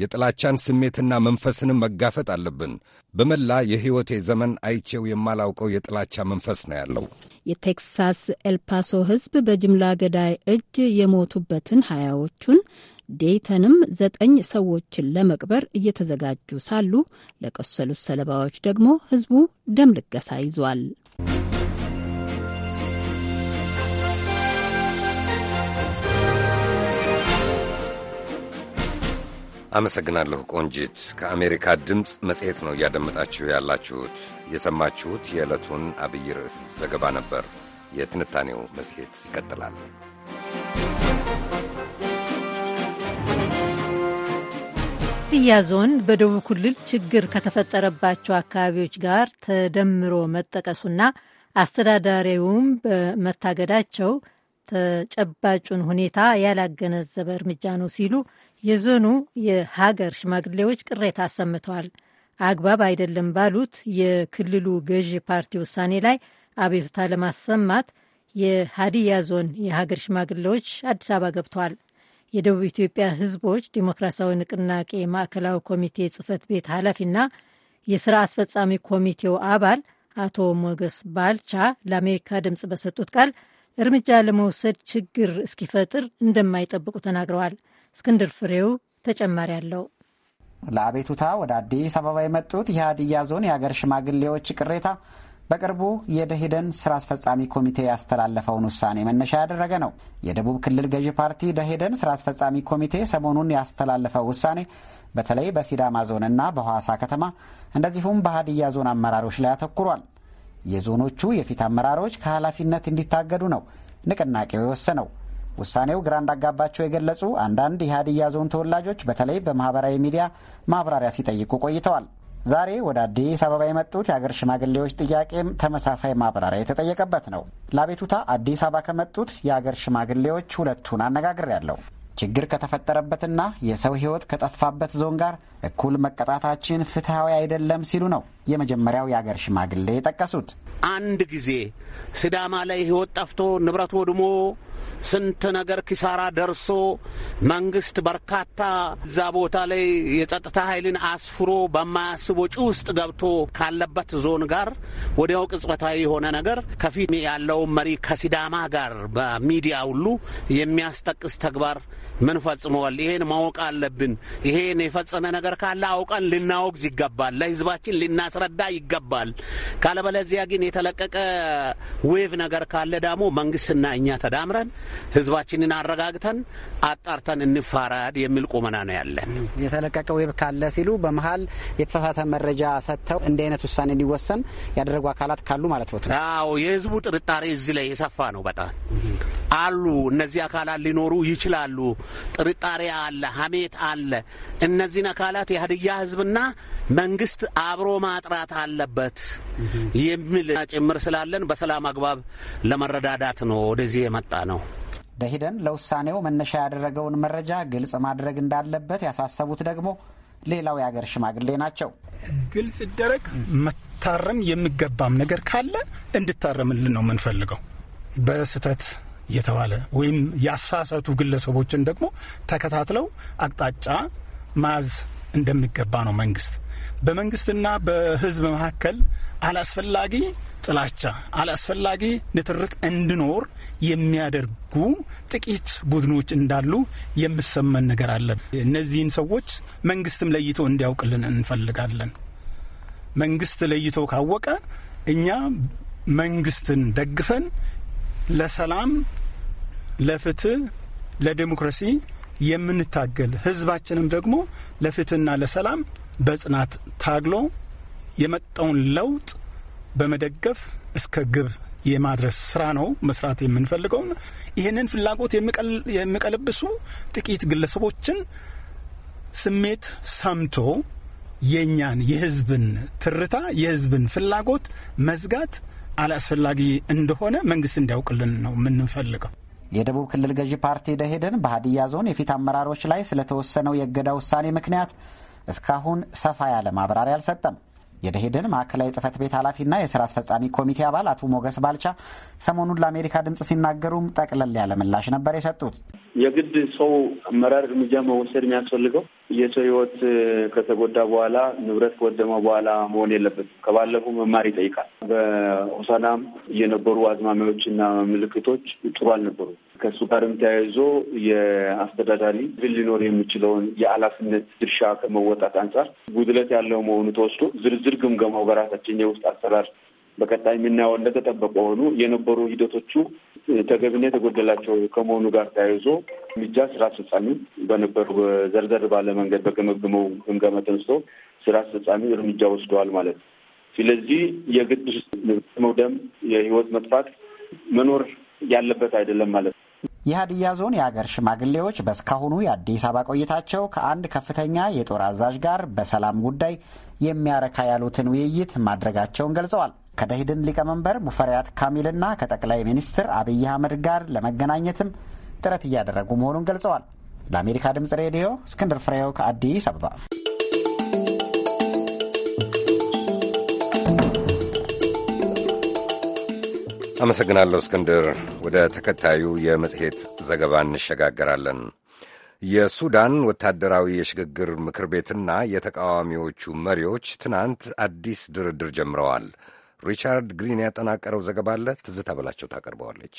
የጥላቻን ስሜትና መንፈስንም መጋፈጥ አለብን። በመላ የሕይወቴ ዘመን አይቼው የማላውቀው የጥላቻ መንፈስ ነው ያለው። የቴክሳስ ኤልፓሶ ሕዝብ በጅምላ ገዳይ እጅ የሞቱበትን ሀያዎቹን ዴይተንም ዘጠኝ ሰዎችን ለመቅበር እየተዘጋጁ ሳሉ ለቆሰሉት ሰለባዎች ደግሞ ሕዝቡ ደም ልገሳ ይዟል። አመሰግናለሁ ቆንጂት። ከአሜሪካ ድምፅ መጽሔት ነው እያደመጣችሁ ያላችሁት። የሰማችሁት የዕለቱን አብይ ርዕስ ዘገባ ነበር። የትንታኔው መጽሔት ይቀጥላል። ሀዲያ ዞን በደቡብ ክልል ችግር ከተፈጠረባቸው አካባቢዎች ጋር ተደምሮ መጠቀሱና አስተዳዳሪውም በመታገዳቸው ተጨባጩን ሁኔታ ያላገነዘበ እርምጃ ነው ሲሉ የዞኑ የሀገር ሽማግሌዎች ቅሬታ አሰምተዋል። አግባብ አይደለም ባሉት የክልሉ ገዢ ፓርቲ ውሳኔ ላይ አቤቱታ ለማሰማት የሀዲያ ዞን የሀገር ሽማግሌዎች አዲስ አበባ ገብተዋል። የደቡብ ኢትዮጵያ ሕዝቦች ዴሞክራሲያዊ ንቅናቄ ማዕከላዊ ኮሚቴ ጽህፈት ቤት ኃላፊና የሥራ አስፈጻሚ ኮሚቴው አባል አቶ ሞገስ ባልቻ ለአሜሪካ ድምፅ በሰጡት ቃል እርምጃ ለመውሰድ ችግር እስኪፈጥር እንደማይጠብቁ ተናግረዋል። እስክንድር ፍሬው ተጨማሪ አለው። ለአቤቱታ ወደ አዲስ አበባ የመጡት የሀዲያ ዞን የአገር ሽማግሌዎች ቅሬታ በቅርቡ የደሂደን ስራ አስፈጻሚ ኮሚቴ ያስተላለፈውን ውሳኔ መነሻ ያደረገ ነው። የደቡብ ክልል ገዢ ፓርቲ ደሄደን ስራ አስፈጻሚ ኮሚቴ ሰሞኑን ያስተላለፈው ውሳኔ በተለይ በሲዳማ ዞንና በሐዋሳ ከተማ እንደዚሁም በሀዲያ ዞን አመራሮች ላይ አተኩሯል። የዞኖቹ የፊት አመራሮች ከኃላፊነት እንዲታገዱ ነው ንቅናቄው የወሰነው። ውሳኔው ግራ እንዳጋባቸው የገለጹ አንዳንድ የሀዲያ ዞን ተወላጆች በተለይ በማህበራዊ ሚዲያ ማብራሪያ ሲጠይቁ ቆይተዋል። ዛሬ ወደ አዲስ አበባ የመጡት የአገር ሽማግሌዎች ጥያቄም ተመሳሳይ ማብራሪያ የተጠየቀበት ነው። ለአቤቱታ አዲስ አበባ ከመጡት የአገር ሽማግሌዎች ሁለቱን አነጋግሬያለሁ። ችግር ከተፈጠረበትና የሰው ሕይወት ከጠፋበት ዞን ጋር እኩል መቀጣታችን ፍትሐዊ አይደለም ሲሉ ነው የመጀመሪያው የአገር ሽማግሌ የጠቀሱት። አንድ ጊዜ ስዳማ ላይ ሕይወት ጠፍቶ ንብረት ወድሞ ስንት ነገር ኪሳራ ደርሶ መንግስት በርካታ እዛ ቦታ ላይ የጸጥታ ኃይልን አስፍሮ በማያስብ ወጪ ውስጥ ገብቶ ካለበት ዞን ጋር ወዲያው ቅጽበታዊ የሆነ ነገር ከፊት ያለውን መሪ ከሲዳማ ጋር በሚዲያ ሁሉ የሚያስጠቅስ ተግባር ምን ፈጽመዋል? ይሄን ማወቅ አለብን። ይሄን የፈጸመ ነገር ካለ አውቀን ልናወግዝ ይገባል። ለህዝባችን ልናስረዳ ይገባል። ካለበለዚያ ግን የተለቀቀ ዌቭ ነገር ካለ ደግሞ መንግስትና እኛ ተዳምረን ህዝባችንን አረጋግተን አጣርተን እንፋረድ የሚል ቁመና ነው ያለን። የተለቀቀ ዌብ ካለ ሲሉ በመሀል የተሳሳተ መረጃ ሰጥተው እንዲህ አይነት ውሳኔ እንዲወሰን ያደረጉ አካላት ካሉ ማለት ነው። አዎ የህዝቡ ጥርጣሬ እዚህ ላይ የሰፋ ነው በጣም አሉ። እነዚህ አካላት ሊኖሩ ይችላሉ። ጥርጣሬ አለ፣ ሀሜት አለ። እነዚህን አካላት የሀድያ ህዝብና መንግስት አብሮ ማጥራት አለበት የሚል ጭምር ስላለን በሰላም አግባብ ለመረዳዳት ነው ወደዚህ የመጣ ነው። በሂደን ለውሳኔው መነሻ ያደረገውን መረጃ ግልጽ ማድረግ እንዳለበት ያሳሰቡት ደግሞ ሌላው የአገር ሽማግሌ ናቸው። ግልጽ ይደረግ። መታረም የሚገባም ነገር ካለ እንድታረምልን ነው የምንፈልገው። በስህተት እየተባለ ወይም ያሳሰቱ ግለሰቦችን ደግሞ ተከታትለው አቅጣጫ ማዝ እንደሚገባ ነው። መንግስት በመንግስትና በህዝብ መካከል አላስፈላጊ ጥላቻ፣ አላስፈላጊ ንትርክ እንዲኖር የሚያደርጉ ጥቂት ቡድኖች እንዳሉ የምሰመን ነገር አለ። እነዚህን ሰዎች መንግስትም ለይቶ እንዲያውቅልን እንፈልጋለን። መንግስት ለይቶ ካወቀ እኛ መንግስትን ደግፈን ለሰላም፣ ለፍትህ፣ ለዴሞክራሲ የምንታገል ህዝባችንም ደግሞ ለፍትህና ለሰላም በጽናት ታግሎ የመጣውን ለውጥ በመደገፍ እስከ ግብ የማድረስ ስራ ነው መስራት የምንፈልገው። ይህንን ፍላጎት የሚቀለብሱ ጥቂት ግለሰቦችን ስሜት ሰምቶ የእኛን የህዝብን ትርታ የህዝብን ፍላጎት መዝጋት አላስፈላጊ እንደሆነ መንግስት እንዲያውቅልን ነው የምንፈልገው። የደቡብ ክልል ገዢ ፓርቲ ደሄደን በሀዲያ ዞን የፊት አመራሮች ላይ ስለተወሰነው የእገዳ ውሳኔ ምክንያት እስካሁን ሰፋ ያለ ማብራሪያ አልሰጠም። የደሄደን ማዕከላዊ ጽህፈት ቤት ኃላፊና የስራ አስፈጻሚ ኮሚቴ አባል አቶ ሞገስ ባልቻ ሰሞኑን ለአሜሪካ ድምፅ ሲናገሩም ጠቅለል ያለ ምላሽ ነበር የሰጡት። የግድ ሰው አመራር እርምጃ መወሰድ የሚያስፈልገው የሰው ህይወት ከተጎዳ በኋላ ንብረት ከወደመ በኋላ መሆን የለበትም። ከባለፈው መማር ይጠይቃል። በሆሳናም የነበሩ አዝማሚያዎች እና ምልክቶች ጥሩ አልነበሩ። ከእሱ ጋርም ተያይዞ የአስተዳዳሪ ድል ሊኖር የሚችለውን የኃላፊነት ድርሻ ከመወጣት አንጻር ጉድለት ያለው መሆኑ ተወስዶ ዝርዝር ግምገማው በራሳችን የውስጥ አሰራር በቀጣይ የምናየው እንደተጠበቀ ሆኑ የነበሩ ሂደቶቹ ተገቢነት የተጎደላቸው ከመሆኑ ጋር ተያይዞ እርምጃ ስራ አስፈጻሚ በነበሩ ዘርዘር ባለ መንገድ በገመገመው ግምገማ ተነስቶ ስራ አስፈጻሚ እርምጃ ወስደዋል ማለት ነው። ስለዚህ የግድ መውደም፣ የህይወት መጥፋት መኖር ያለበት አይደለም ማለት ነው። የሀዲያ ዞን የአገር ሽማግሌዎች በእስካሁኑ የአዲስ አበባ ቆይታቸው ከአንድ ከፍተኛ የጦር አዛዥ ጋር በሰላም ጉዳይ የሚያረካ ያሉትን ውይይት ማድረጋቸውን ገልጸዋል። ከደኢህዴን ሊቀመንበር ሙፈሪያት ካሚልና ከጠቅላይ ሚኒስትር አብይ አህመድ ጋር ለመገናኘትም ጥረት እያደረጉ መሆኑን ገልጸዋል። ለአሜሪካ ድምጽ ሬዲዮ እስክንድር ፍሬው ከአዲስ አበባ። አመሰግናለሁ እስክንድር። ወደ ተከታዩ የመጽሔት ዘገባ እንሸጋገራለን። የሱዳን ወታደራዊ የሽግግር ምክር ቤትና የተቃዋሚዎቹ መሪዎች ትናንት አዲስ ድርድር ጀምረዋል። ሪቻርድ ግሪን ያጠናቀረው ዘገባ አለ። ትዝታ በላቸው ታቀርበዋለች።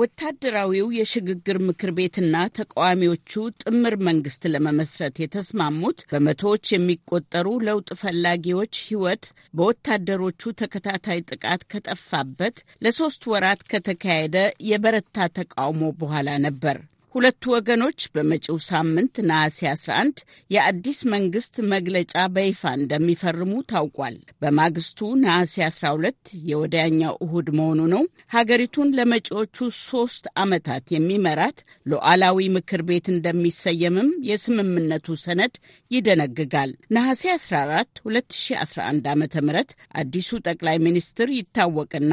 ወታደራዊው የሽግግር ምክር ቤትና ተቃዋሚዎቹ ጥምር መንግስት ለመመስረት የተስማሙት በመቶዎች የሚቆጠሩ ለውጥ ፈላጊዎች ሕይወት በወታደሮቹ ተከታታይ ጥቃት ከጠፋበት ለሶስት ወራት ከተካሄደ የበረታ ተቃውሞ በኋላ ነበር። ሁለቱ ወገኖች በመጪው ሳምንት ነሐሴ 11 የአዲስ መንግስት መግለጫ በይፋ እንደሚፈርሙ ታውቋል። በማግስቱ ነሐሴ 12 የወዲያኛው እሁድ መሆኑ ነው። ሀገሪቱን ለመጪዎቹ ሶስት ዓመታት የሚመራት ሉዓላዊ ምክር ቤት እንደሚሰየምም የስምምነቱ ሰነድ ይደነግጋል። ነሐሴ 14 2011 ዓ ም አዲሱ ጠቅላይ ሚኒስትር ይታወቅና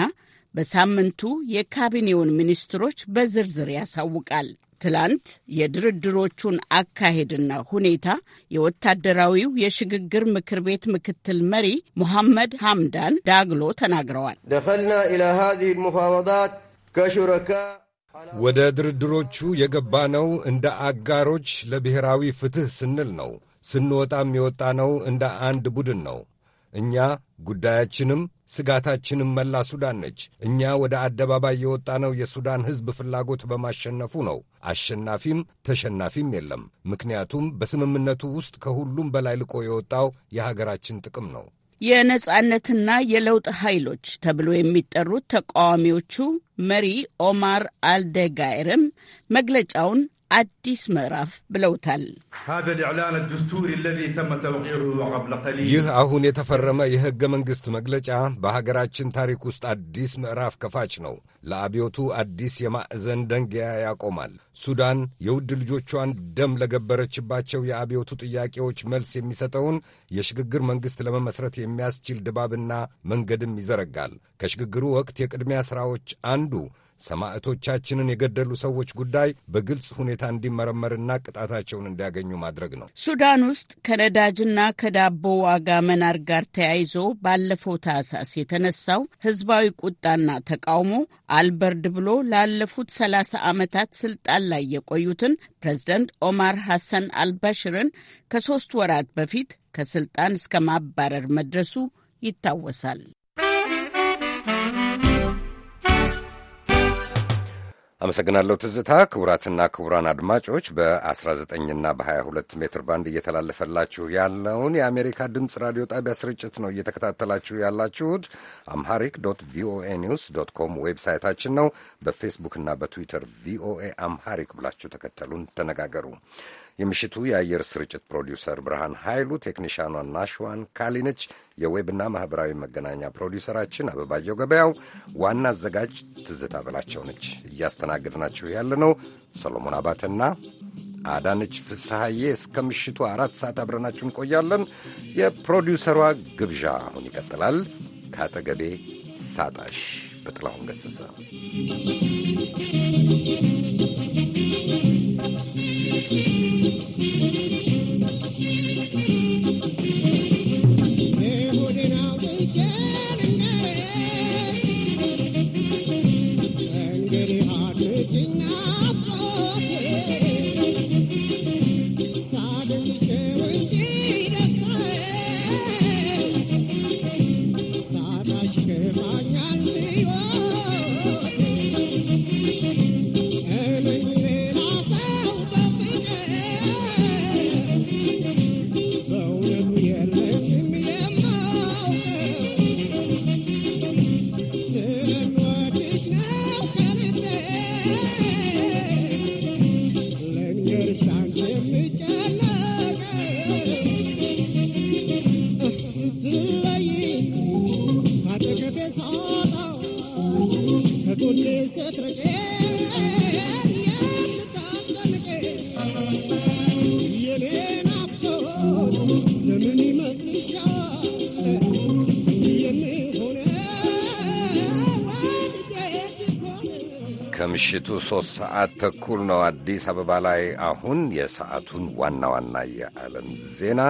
በሳምንቱ የካቢኔውን ሚኒስትሮች በዝርዝር ያሳውቃል። ትላንት የድርድሮቹን አካሄድና ሁኔታ የወታደራዊው የሽግግር ምክር ቤት ምክትል መሪ ሙሐመድ ሐምዳን ዳግሎ ተናግረዋል። ደኸልና ኢላ ሃዚህ ልሙፋወዳት ከሹረካ ወደ ድርድሮቹ የገባ ነው እንደ አጋሮች ለብሔራዊ ፍትሕ ስንል ነው። ስንወጣም የወጣ ነው እንደ አንድ ቡድን ነው። እኛ ጉዳያችንም ስጋታችንም መላ ሱዳን ነች። እኛ ወደ አደባባይ የወጣነው የሱዳን ሕዝብ ፍላጎት በማሸነፉ ነው። አሸናፊም ተሸናፊም የለም። ምክንያቱም በስምምነቱ ውስጥ ከሁሉም በላይ ልቆ የወጣው የሀገራችን ጥቅም ነው። የነጻነትና የለውጥ ኃይሎች ተብሎ የሚጠሩት ተቃዋሚዎቹ መሪ ኦማር አልደጋይርም መግለጫውን አዲስ ምዕራፍ ብለውታል። ይህ አሁን የተፈረመ የሕገ መንግሥት መግለጫ በሀገራችን ታሪክ ውስጥ አዲስ ምዕራፍ ከፋች ነው። ለአብዮቱ አዲስ የማዕዘን ደንጊያ ያቆማል። ሱዳን የውድ ልጆቿን ደም ለገበረችባቸው የአብዮቱ ጥያቄዎች መልስ የሚሰጠውን የሽግግር መንግሥት ለመመስረት የሚያስችል ድባብና መንገድም ይዘረጋል። ከሽግግሩ ወቅት የቅድሚያ ሥራዎች አንዱ ሰማዕቶቻችንን የገደሉ ሰዎች ጉዳይ በግልጽ ሁኔታ እንዲመረመርና ቅጣታቸውን እንዲያገኙ ማድረግ ነው። ሱዳን ውስጥ ከነዳጅና ከዳቦ ዋጋ መናር ጋር ተያይዞ ባለፈው ታህሳስ የተነሳው ህዝባዊ ቁጣና ተቃውሞ አልበርድ ብሎ ላለፉት ሰላሳ ዓመታት ስልጣን ላይ የቆዩትን ፕሬዝደንት ኦማር ሐሰን አልባሽርን ከሦስት ወራት በፊት ከስልጣን እስከ ማባረር መድረሱ ይታወሳል። አመሰግናለሁ ትዝታ። ክቡራትና ክቡራን አድማጮች በ19ና በ22 ሜትር ባንድ እየተላለፈላችሁ ያለውን የአሜሪካ ድምፅ ራዲዮ ጣቢያ ስርጭት ነው እየተከታተላችሁ ያላችሁት። አምሃሪክ ዶት ቪኦኤ ኒውስ ዶት ኮም ዌብሳይታችን ነው። በፌስቡክና በትዊተር ቪኦኤ አምሃሪክ ብላችሁ ተከተሉን፣ ተነጋገሩ። የምሽቱ የአየር ስርጭት ፕሮዲውሰር ብርሃን ኃይሉ፣ ቴክኒሻኗ ናሽዋን ካሊነች፣ የዌብና ማኅበራዊ መገናኛ ፕሮዲውሰራችን አበባየው ገበያው፣ ዋና አዘጋጅ ትዝታ በላቸው ነች። እያስተናገድናችሁ ያለ ነው ሰሎሞን አባተና አዳነች ፍስሐዬ። እስከ ምሽቱ አራት ሰዓት አብረናችሁ እንቆያለን። የፕሮዲውሰሯ ግብዣ አሁን ይቀጥላል። ከአጠገቤ ሳጣሽ በጥላሁን ገሰሰ ከምሽቱ ሦስት ሰዓት ተኩል ነው አዲስ አበባ ላይ። አሁን የሰዓቱን ዋና ዋና የዓለም ዜና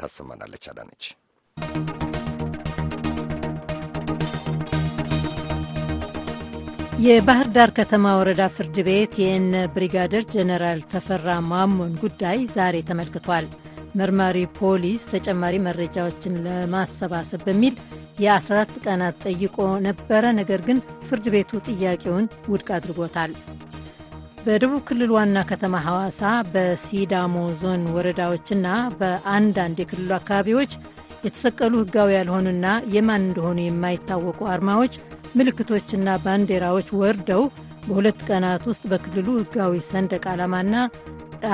ታሰማናለች አዳነች። የባህር ዳር ከተማ ወረዳ ፍርድ ቤት የእነ ብሪጋደር ጀነራል ተፈራ ማሞን ጉዳይ ዛሬ ተመልክቷል። መርማሪ ፖሊስ ተጨማሪ መረጃዎችን ለማሰባሰብ በሚል የ14 ቀናት ጠይቆ ነበረ። ነገር ግን ፍርድ ቤቱ ጥያቄውን ውድቅ አድርጎታል። በደቡብ ክልል ዋና ከተማ ሐዋሳ በሲዳሞ ዞን ወረዳዎችና በአንዳንድ የክልሉ አካባቢዎች የተሰቀሉ ሕጋዊ ያልሆኑና የማን እንደሆኑ የማይታወቁ አርማዎች፣ ምልክቶችና ባንዲራዎች ወርደው በሁለት ቀናት ውስጥ በክልሉ ህጋዊ ሰንደቅ ዓላማና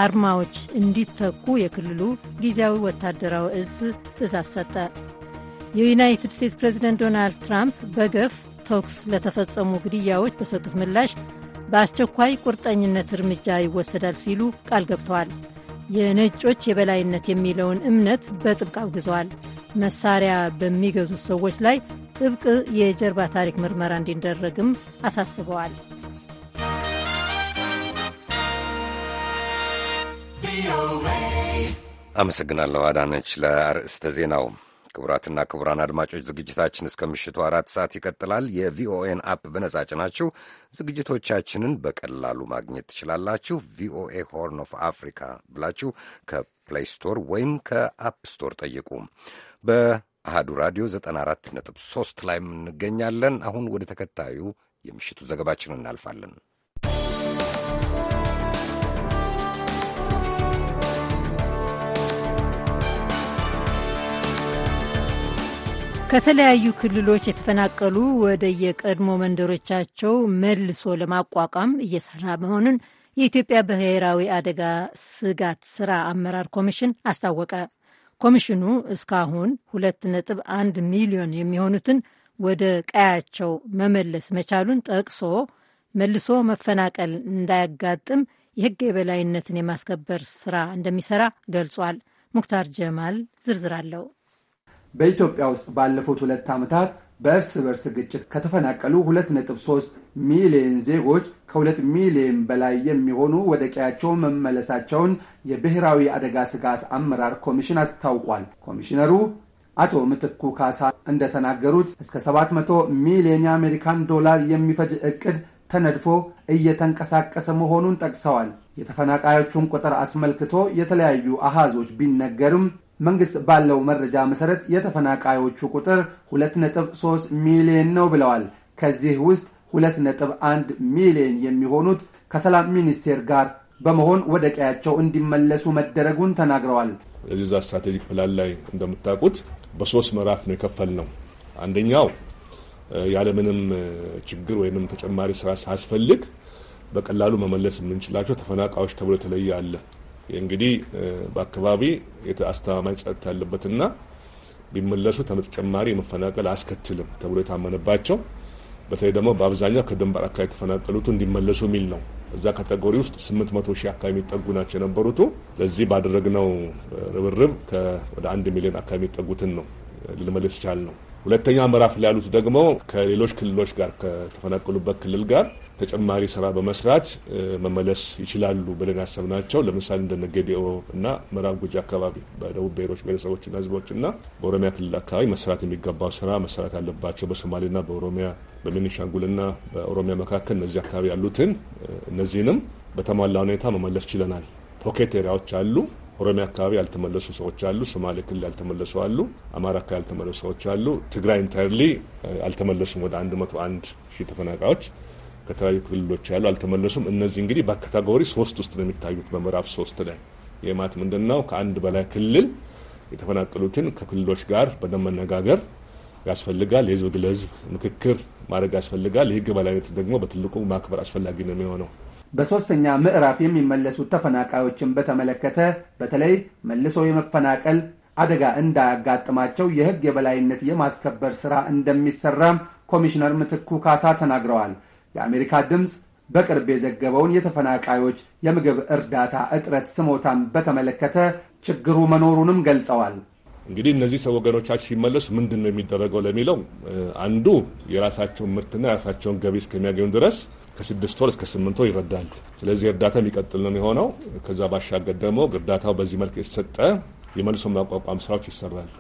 አርማዎች እንዲተኩ የክልሉ ጊዜያዊ ወታደራዊ እዝ ትእዛዝ ሰጠ። የዩናይትድ ስቴትስ ፕሬዚደንት ዶናልድ ትራምፕ በገፍ ተኩስ ለተፈጸሙ ግድያዎች በሰጡት ምላሽ በአስቸኳይ ቁርጠኝነት እርምጃ ይወሰዳል ሲሉ ቃል ገብተዋል። የነጮች የበላይነት የሚለውን እምነት በጥብቅ አውግዘዋል። መሳሪያ በሚገዙት ሰዎች ላይ ጥብቅ የጀርባ ታሪክ ምርመራ እንዲደረግም አሳስበዋል። አመሰግናለሁ አዳነች ለአርዕስተ ዜናው። ክቡራትና ክቡራን አድማጮች ዝግጅታችን እስከ ምሽቱ አራት ሰዓት ይቀጥላል። የቪኦኤን አፕ በነጻ ጭናችሁ ዝግጅቶቻችንን በቀላሉ ማግኘት ትችላላችሁ። ቪኦኤ ሆርን ኦፍ አፍሪካ ብላችሁ ከፕሌይ ስቶር ወይም ከአፕ ስቶር ጠይቁ። በአሃዱ ራዲዮ 94.3 ላይም እንገኛለን። አሁን ወደ ተከታዩ የምሽቱ ዘገባችን እናልፋለን። ከተለያዩ ክልሎች የተፈናቀሉ ወደ የቀድሞ መንደሮቻቸው መልሶ ለማቋቋም እየሰራ መሆኑን የኢትዮጵያ ብሔራዊ አደጋ ስጋት ስራ አመራር ኮሚሽን አስታወቀ። ኮሚሽኑ እስካሁን 2.1 ሚሊዮን የሚሆኑትን ወደ ቀያቸው መመለስ መቻሉን ጠቅሶ መልሶ መፈናቀል እንዳያጋጥም የሕግ የበላይነትን የማስከበር ስራ እንደሚሰራ ገልጿል። ሙክታር ጀማል ዝርዝር አለው። በኢትዮጵያ ውስጥ ባለፉት ሁለት ዓመታት በእርስ በርስ ግጭት ከተፈናቀሉ 2.3 ሚሊዮን ዜጎች ከ2 ሚሊዮን በላይ የሚሆኑ ወደ ቀያቸው መመለሳቸውን የብሔራዊ አደጋ ስጋት አመራር ኮሚሽን አስታውቋል። ኮሚሽነሩ አቶ ምትኩ ካሳ እንደተናገሩት እስከ 700 ሚሊዮን የአሜሪካን ዶላር የሚፈጅ ዕቅድ ተነድፎ እየተንቀሳቀሰ መሆኑን ጠቅሰዋል። የተፈናቃዮቹን ቁጥር አስመልክቶ የተለያዩ አሃዞች ቢነገርም መንግስት ባለው መረጃ መሰረት የተፈናቃዮቹ ቁጥር 2.3 ሚሊዮን ነው ብለዋል። ከዚህ ውስጥ 2.1 ሚሊዮን የሚሆኑት ከሰላም ሚኒስቴር ጋር በመሆን ወደ ቀያቸው እንዲመለሱ መደረጉን ተናግረዋል። የዚህ ስትራቴጂክ ፕላን ላይ እንደምታውቁት በሶስት ምዕራፍ ነው የከፈል ነው። አንደኛው ያለምንም ችግር ወይም ተጨማሪ ስራ ሳያስፈልግ በቀላሉ መመለስ የምንችላቸው ተፈናቃዮች ተብሎ የተለየ አለ። እንግዲህ በአካባቢ አስተማማኝ ጸጥታ ያለበትና ቢመለሱ ተጨማሪ መፈናቀል አስከትልም ተብሎ የታመነባቸው በተለይ ደግሞ በአብዛኛው ከድንበር አካባቢ የተፈናቀሉት እንዲመለሱ የሚል ነው። እዛ ካተጎሪ ውስጥ 800 ሺህ አካባቢ የሚጠጉ ናቸው የነበሩቱ። ለዚህ ባደረግነው ርብርብ ወደ አንድ ሚሊዮን አካባቢ የሚጠጉትን ነው ልንመልስ ቻል ነው። ሁለተኛ ምዕራፍ ላይ ያሉት ደግሞ ከሌሎች ክልሎች ጋር ከተፈናቀሉበት ክልል ጋር ተጨማሪ ስራ በመስራት መመለስ ይችላሉ ብለን ያሰብናቸው ለምሳሌ እንደ ጌዲኦ እና ምዕራብ ጉጂ አካባቢ በደቡብ ብሔሮች ብሔረሰቦችና ህዝቦችና በኦሮሚያ ክልል አካባቢ መስራት የሚገባው ስራ መሰራት አለባቸው። በሶማሌና በኦሮሚያ በቤኒሻንጉልና በኦሮሚያ መካከል እነዚህ አካባቢ ያሉትን እነዚህንም በተሟላ ሁኔታ መመለስ ችለናል። ፖኬት ኤሪያዎች አሉ። ኦሮሚያ አካባቢ ያልተመለሱ ሰዎች አሉ። ሶማሌ ክልል ያልተመለሱ አሉ። አማራ አካባቢ ያልተመለሱ ሰዎች አሉ። ትግራይ ኢንታይርሊ አልተመለሱም። ወደ አንድ ሺህ ተፈናቃዮች ከተለያዩ ክልሎች ያሉ አልተመለሱም። እነዚህ እንግዲህ በካታጎሪ ሶስት ውስጥ ነው የሚታዩት በምዕራፍ ሶስት ላይ የማት ምንድን ነው ከአንድ በላይ ክልል የተፈናቀሉትን ከክልሎች ጋር በደንብ መነጋገር ያስፈልጋል። የህዝብ ለህዝብ ምክክር ማድረግ ያስፈልጋል። የህግ በላይነት ደግሞ በትልቁ ማክበር አስፈላጊ ነው የሚሆነው። በሶስተኛ ምዕራፍ የሚመለሱት ተፈናቃዮችን በተመለከተ በተለይ መልሶ የመፈናቀል አደጋ እንዳያጋጥማቸው የህግ የበላይነት የማስከበር ስራ እንደሚሰራም ኮሚሽነር ምትኩ ካሳ ተናግረዋል። የአሜሪካ ድምፅ በቅርብ የዘገበውን የተፈናቃዮች የምግብ እርዳታ እጥረት ስሞታን በተመለከተ ችግሩ መኖሩንም ገልጸዋል። እንግዲህ እነዚህ ሰው ወገኖቻችን ሲመለሱ ምንድን ነው የሚደረገው ለሚለው አንዱ የራሳቸውን ምርትና የራሳቸውን ገቢ እስከሚያገኙ ድረስ ከስድስት ወር እስከ ስምንት ወር ይረዳሉ። ስለዚህ እርዳታ የሚቀጥል ነው የሚሆነው። ከዛ ባሻገር ደግሞ እርዳታው በዚህ መልክ የተሰጠ የመልሶ ማቋቋም ስራዎች ይሰራሉ።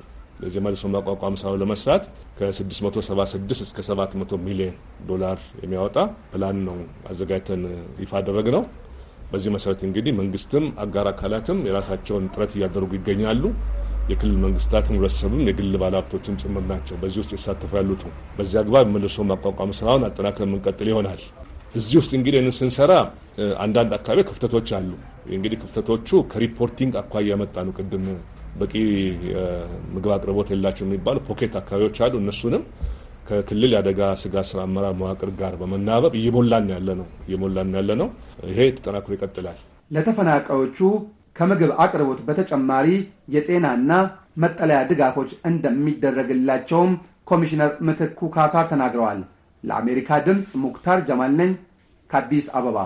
መልሶ ማቋቋም ስራ ለመስራት ከ676 እስከ 700 ሚሊዮን ዶላር የሚያወጣ ፕላን ነው አዘጋጅተን ይፋ አደረግ ነው። በዚህ መሰረት እንግዲህ መንግስትም አጋር አካላትም የራሳቸውን ጥረት እያደረጉ ይገኛሉ። የክልል መንግስታትም ህብረተሰብም የግል ባለሀብቶችም ጭምር ናቸው በዚህ ውስጥ የተሳተፉ ያሉት። በዚህ አግባብ መልሶ ማቋቋም ስራውን አጠናክረ የምንቀጥል ይሆናል። እዚህ ውስጥ እንግዲህ ይህንን ስንሰራ አንዳንድ አካባቢ ክፍተቶች አሉ። እንግዲህ ክፍተቶቹ ከሪፖርቲንግ አኳያ መጣ ነው። ቅድም በቂ ምግብ አቅርቦት የሌላቸው የሚባሉ ፖኬት አካባቢዎች አሉ። እነሱንም ከክልል የአደጋ ስጋት ስራ አመራር መዋቅር ጋር በመናበብ እየሞላን ያለ ነው እየሞላን ያለ ነው። ይሄ ተጠናክሮ ይቀጥላል። ለተፈናቃዮቹ ከምግብ አቅርቦት በተጨማሪ የጤናና መጠለያ ድጋፎች እንደሚደረግላቸውም ኮሚሽነር ምትኩ ካሳ ተናግረዋል። ለአሜሪካ ድምፅ ሙክታር ጀማል ነኝ ከአዲስ አበባ።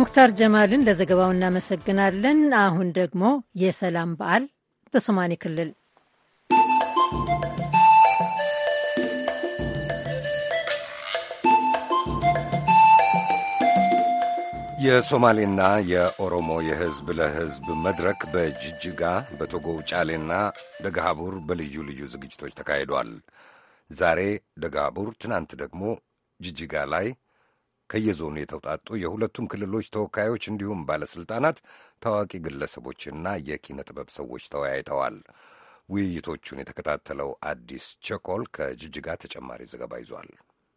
ሙክታር ጀማልን ለዘገባው እናመሰግናለን። አሁን ደግሞ የሰላም በዓል በሶማሌ ክልል የሶማሌና የኦሮሞ የሕዝብ ለሕዝብ መድረክ በጅጅጋ በቶጎው ጫሌና ደጋቡር በልዩ ልዩ ዝግጅቶች ተካሂዷል። ዛሬ ደጋቡር፣ ትናንት ደግሞ ጅጅጋ ላይ ከየዞኑ የተውጣጡ የሁለቱም ክልሎች ተወካዮች እንዲሁም ባለሥልጣናት፣ ታዋቂ ግለሰቦችና የኪነ ጥበብ ሰዎች ተወያይተዋል። ውይይቶቹን የተከታተለው አዲስ ቸኮል ከጅጅጋ ተጨማሪ ዘገባ ይዟል።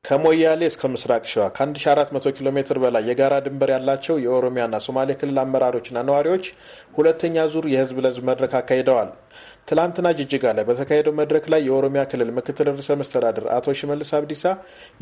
ከሞያሌ እስከ ምስራቅ ሸዋ ከ1400 ኪሎ ሜትር በላይ የጋራ ድንበር ያላቸው የኦሮሚያና ሶማሌ ክልል አመራሮችና ነዋሪዎች ሁለተኛ ዙር የህዝብ ለህዝብ መድረክ አካሂደዋል። ትላንትና ጅጅጋ ላይ በተካሄደው መድረክ ላይ የኦሮሚያ ክልል ምክትል ርዕሰ መስተዳድር አቶ ሽመልስ አብዲሳ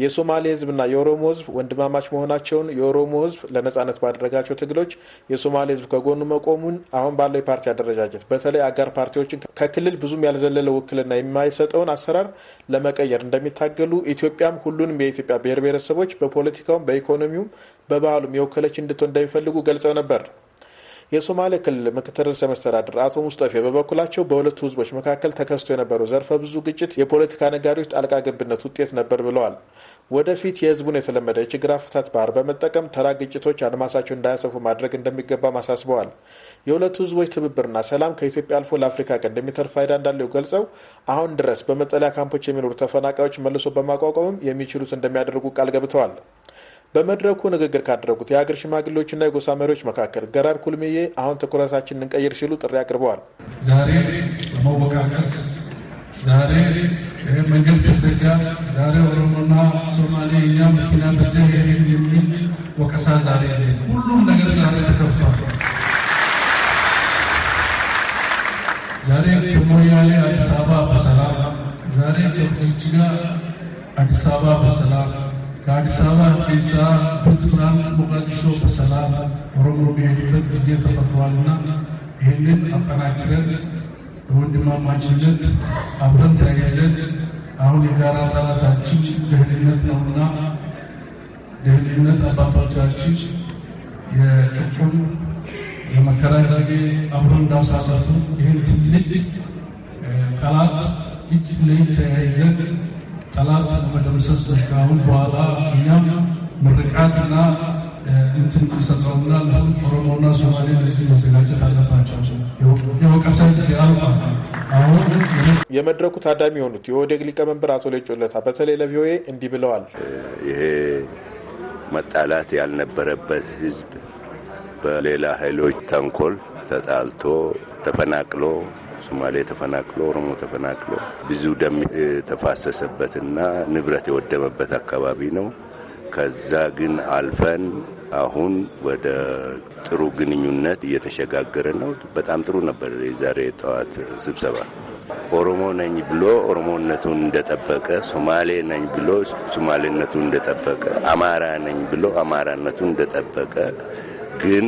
የሶማሌ ህዝብና የኦሮሞ ህዝብ ወንድማማች መሆናቸውን፣ የኦሮሞ ህዝብ ለነጻነት ባደረጋቸው ትግሎች የሶማሌ ህዝብ ከጎኑ መቆሙን፣ አሁን ባለው የፓርቲ አደረጃጀት በተለይ አጋር ፓርቲዎችን ከክልል ብዙም ያልዘለለ ውክልና የማይሰጠውን አሰራር ለመቀየር እንደሚታገሉ፣ ኢትዮጵያም ሁሉንም የኢትዮጵያ ብሔር ብሔረሰቦች በፖለቲካውም በኢኮኖሚውም በባህሉም የወከለች እንድትሆን እንደሚፈልጉ ገልጸው ነበር። የሶማሌ ክልል ምክትል ርዕሰ መስተዳድር አቶ ሙስጠፌ በበኩላቸው በሁለቱ ህዝቦች መካከል ተከስቶ የነበረው ዘርፈ ብዙ ግጭት የፖለቲካ ነጋዴዎች ጣልቃ ገብነት ውጤት ነበር ብለዋል። ወደፊት የህዝቡን የተለመደ የችግር አፈታት ባህር በመጠቀም ተራ ግጭቶች አድማሳቸው እንዳያሰፉ ማድረግ እንደሚገባም አሳስበዋል። የሁለቱ ህዝቦች ትብብርና ሰላም ከኢትዮጵያ አልፎ ለአፍሪካ ቀንድ የሚተርፍ ፋይዳ እንዳለው ገልጸው አሁን ድረስ በመጠለያ ካምፖች የሚኖሩ ተፈናቃዮች መልሶ በማቋቋምም የሚችሉት እንደሚያደርጉ ቃል ገብተዋል። በመድረኩ ንግግር ካደረጉት የሀገር ሽማግሌዎችና የጎሳ መሪዎች መካከል ገራር ኩልምዬ አሁን ትኩረታችን እንቀይር ሲሉ ጥሪ አቅርበዋል። ዛሬ በመወቃቀስ ዛሬ መንገድ ተዘጋ፣ ዛሬ ኦሮሞና ሶማሌ እኛ መኪና በዚህ የሚል ወቀሳ ዛሬ ሁሉም ነገር ዛሬ ተከፍቷል። ዛሬ ከሞያሌ አዲስ አበባ በሰላም ዛሬ ከጅጅጋ አዲስ አበባ በሰላም ከአዲስ አበባ ሬሳ ቡትላን ሞቃዲሾ በሰላም ኦሮሞ በሄዱበት ጊዜ ተፈጥሯልና ይህንን አጠናክረን በወንድማማችነት አብረን ተያይዘን አሁን የጋራ ጠላታችን ደህንነት ነውና ደህንነት አባቶቻችን የጭቁን የመከራ ጊዜ አብሮ እንዳሳለፉ ይህን ትልቅ ጠላት እጅ ላይ ተያይዘን ጠላት መደምሰስ እስካሁን በኋላ እኛም ምርቃትና እንትን ሰጠውና ኦሮሞና ሶማሌ ለዚህ መዘጋጀት አለባቸው። የመድረኩ ታዳሚ የሆኑት የኦዴግ ሊቀመንበር አቶ ሌጮለታ በተለይ ለቪኦኤ እንዲህ ብለዋል። ይሄ መጣላት ያልነበረበት ህዝብ በሌላ ኃይሎች ተንኮል ተጣልቶ ተፈናቅሎ ሶማሌ ተፈናቅሎ ኦሮሞ ተፈናቅሎ ብዙ ደም የተፋሰሰበትና ንብረት የወደመበት አካባቢ ነው። ከዛ ግን አልፈን አሁን ወደ ጥሩ ግንኙነት እየተሸጋገረ ነው። በጣም ጥሩ ነበር የዛሬ ጠዋት ስብሰባ። ኦሮሞ ነኝ ብሎ ኦሮሞነቱን እንደጠበቀ፣ ሶማሌ ነኝ ብሎ ሶማሌነቱን እንደጠበቀ፣ አማራ ነኝ ብሎ አማራነቱን እንደጠበቀ ግን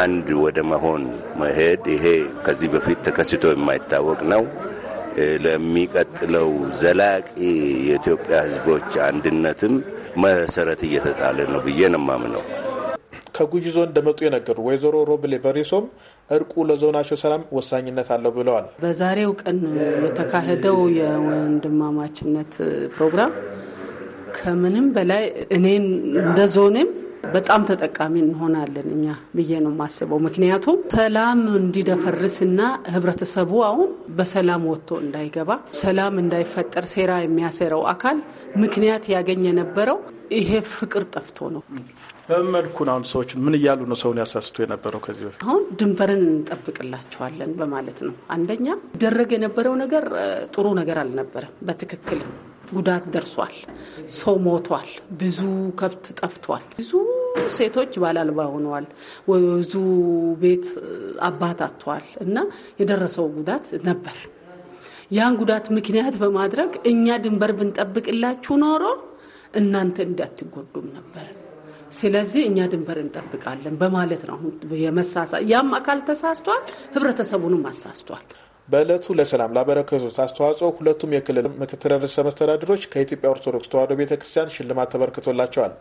አንድ ወደ መሆን መሄድ ይሄ ከዚህ በፊት ተከስቶ የማይታወቅ ነው። ለሚቀጥለው ዘላቂ የኢትዮጵያ ሕዝቦች አንድነትም መሰረት እየተጣለ ነው ብዬ ነው የማምነው። ከጉጂ ዞን እንደመጡ የነገሩ ወይዘሮ ሮብሌ በሪሶም እርቁ ለዞናቸው ሰላም ወሳኝነት አለው ብለዋል። በዛሬው ቀን የተካሄደው የወንድማማችነት ፕሮግራም ከምንም በላይ እኔን እንደ ዞኔም በጣም ተጠቃሚ እንሆናለን እኛ ብዬ ነው የማስበው። ምክንያቱም ሰላም እንዲደፈርስና ህብረተሰቡ አሁን በሰላም ወጥቶ እንዳይገባ ሰላም እንዳይፈጠር ሴራ የሚያሰረው አካል ምክንያት ያገኝ የነበረው ይሄ ፍቅር ጠፍቶ ነው። በመልኩን አሁን ሰዎች ምን እያሉ ነው ሰውን ያሳስቶ የነበረው? ከዚህ በፊት አሁን ድንበርን እንጠብቅላቸዋለን በማለት ነው። አንደኛ ይደረግ የነበረው ነገር ጥሩ ነገር አልነበረም በትክክልም ጉዳት ደርሷል። ሰው ሞቷል። ብዙ ከብት ጠፍቷል። ብዙ ሴቶች ባላልባ ሆነዋል። ብዙ ቤት አባት አጥተዋል እና የደረሰው ጉዳት ነበር። ያን ጉዳት ምክንያት በማድረግ እኛ ድንበር ብንጠብቅላችሁ ኖሮ እናንተ እንዳትጎዱም ነበር። ስለዚህ እኛ ድንበር እንጠብቃለን በማለት ነው የመሳሳ ያም አካል ተሳስቷል፣ ህብረተሰቡንም አሳስቷል። በዕለቱ ለሰላም ላበረከቱት አስተዋጽኦ ሁለቱም የክልል ምክትል ርዕሰ መስተዳድሮች ከኢትዮጵያ ኦርቶዶክስ ተዋሕዶ ቤተ ክርስቲያን ሽልማት ተበርክቶላቸዋል።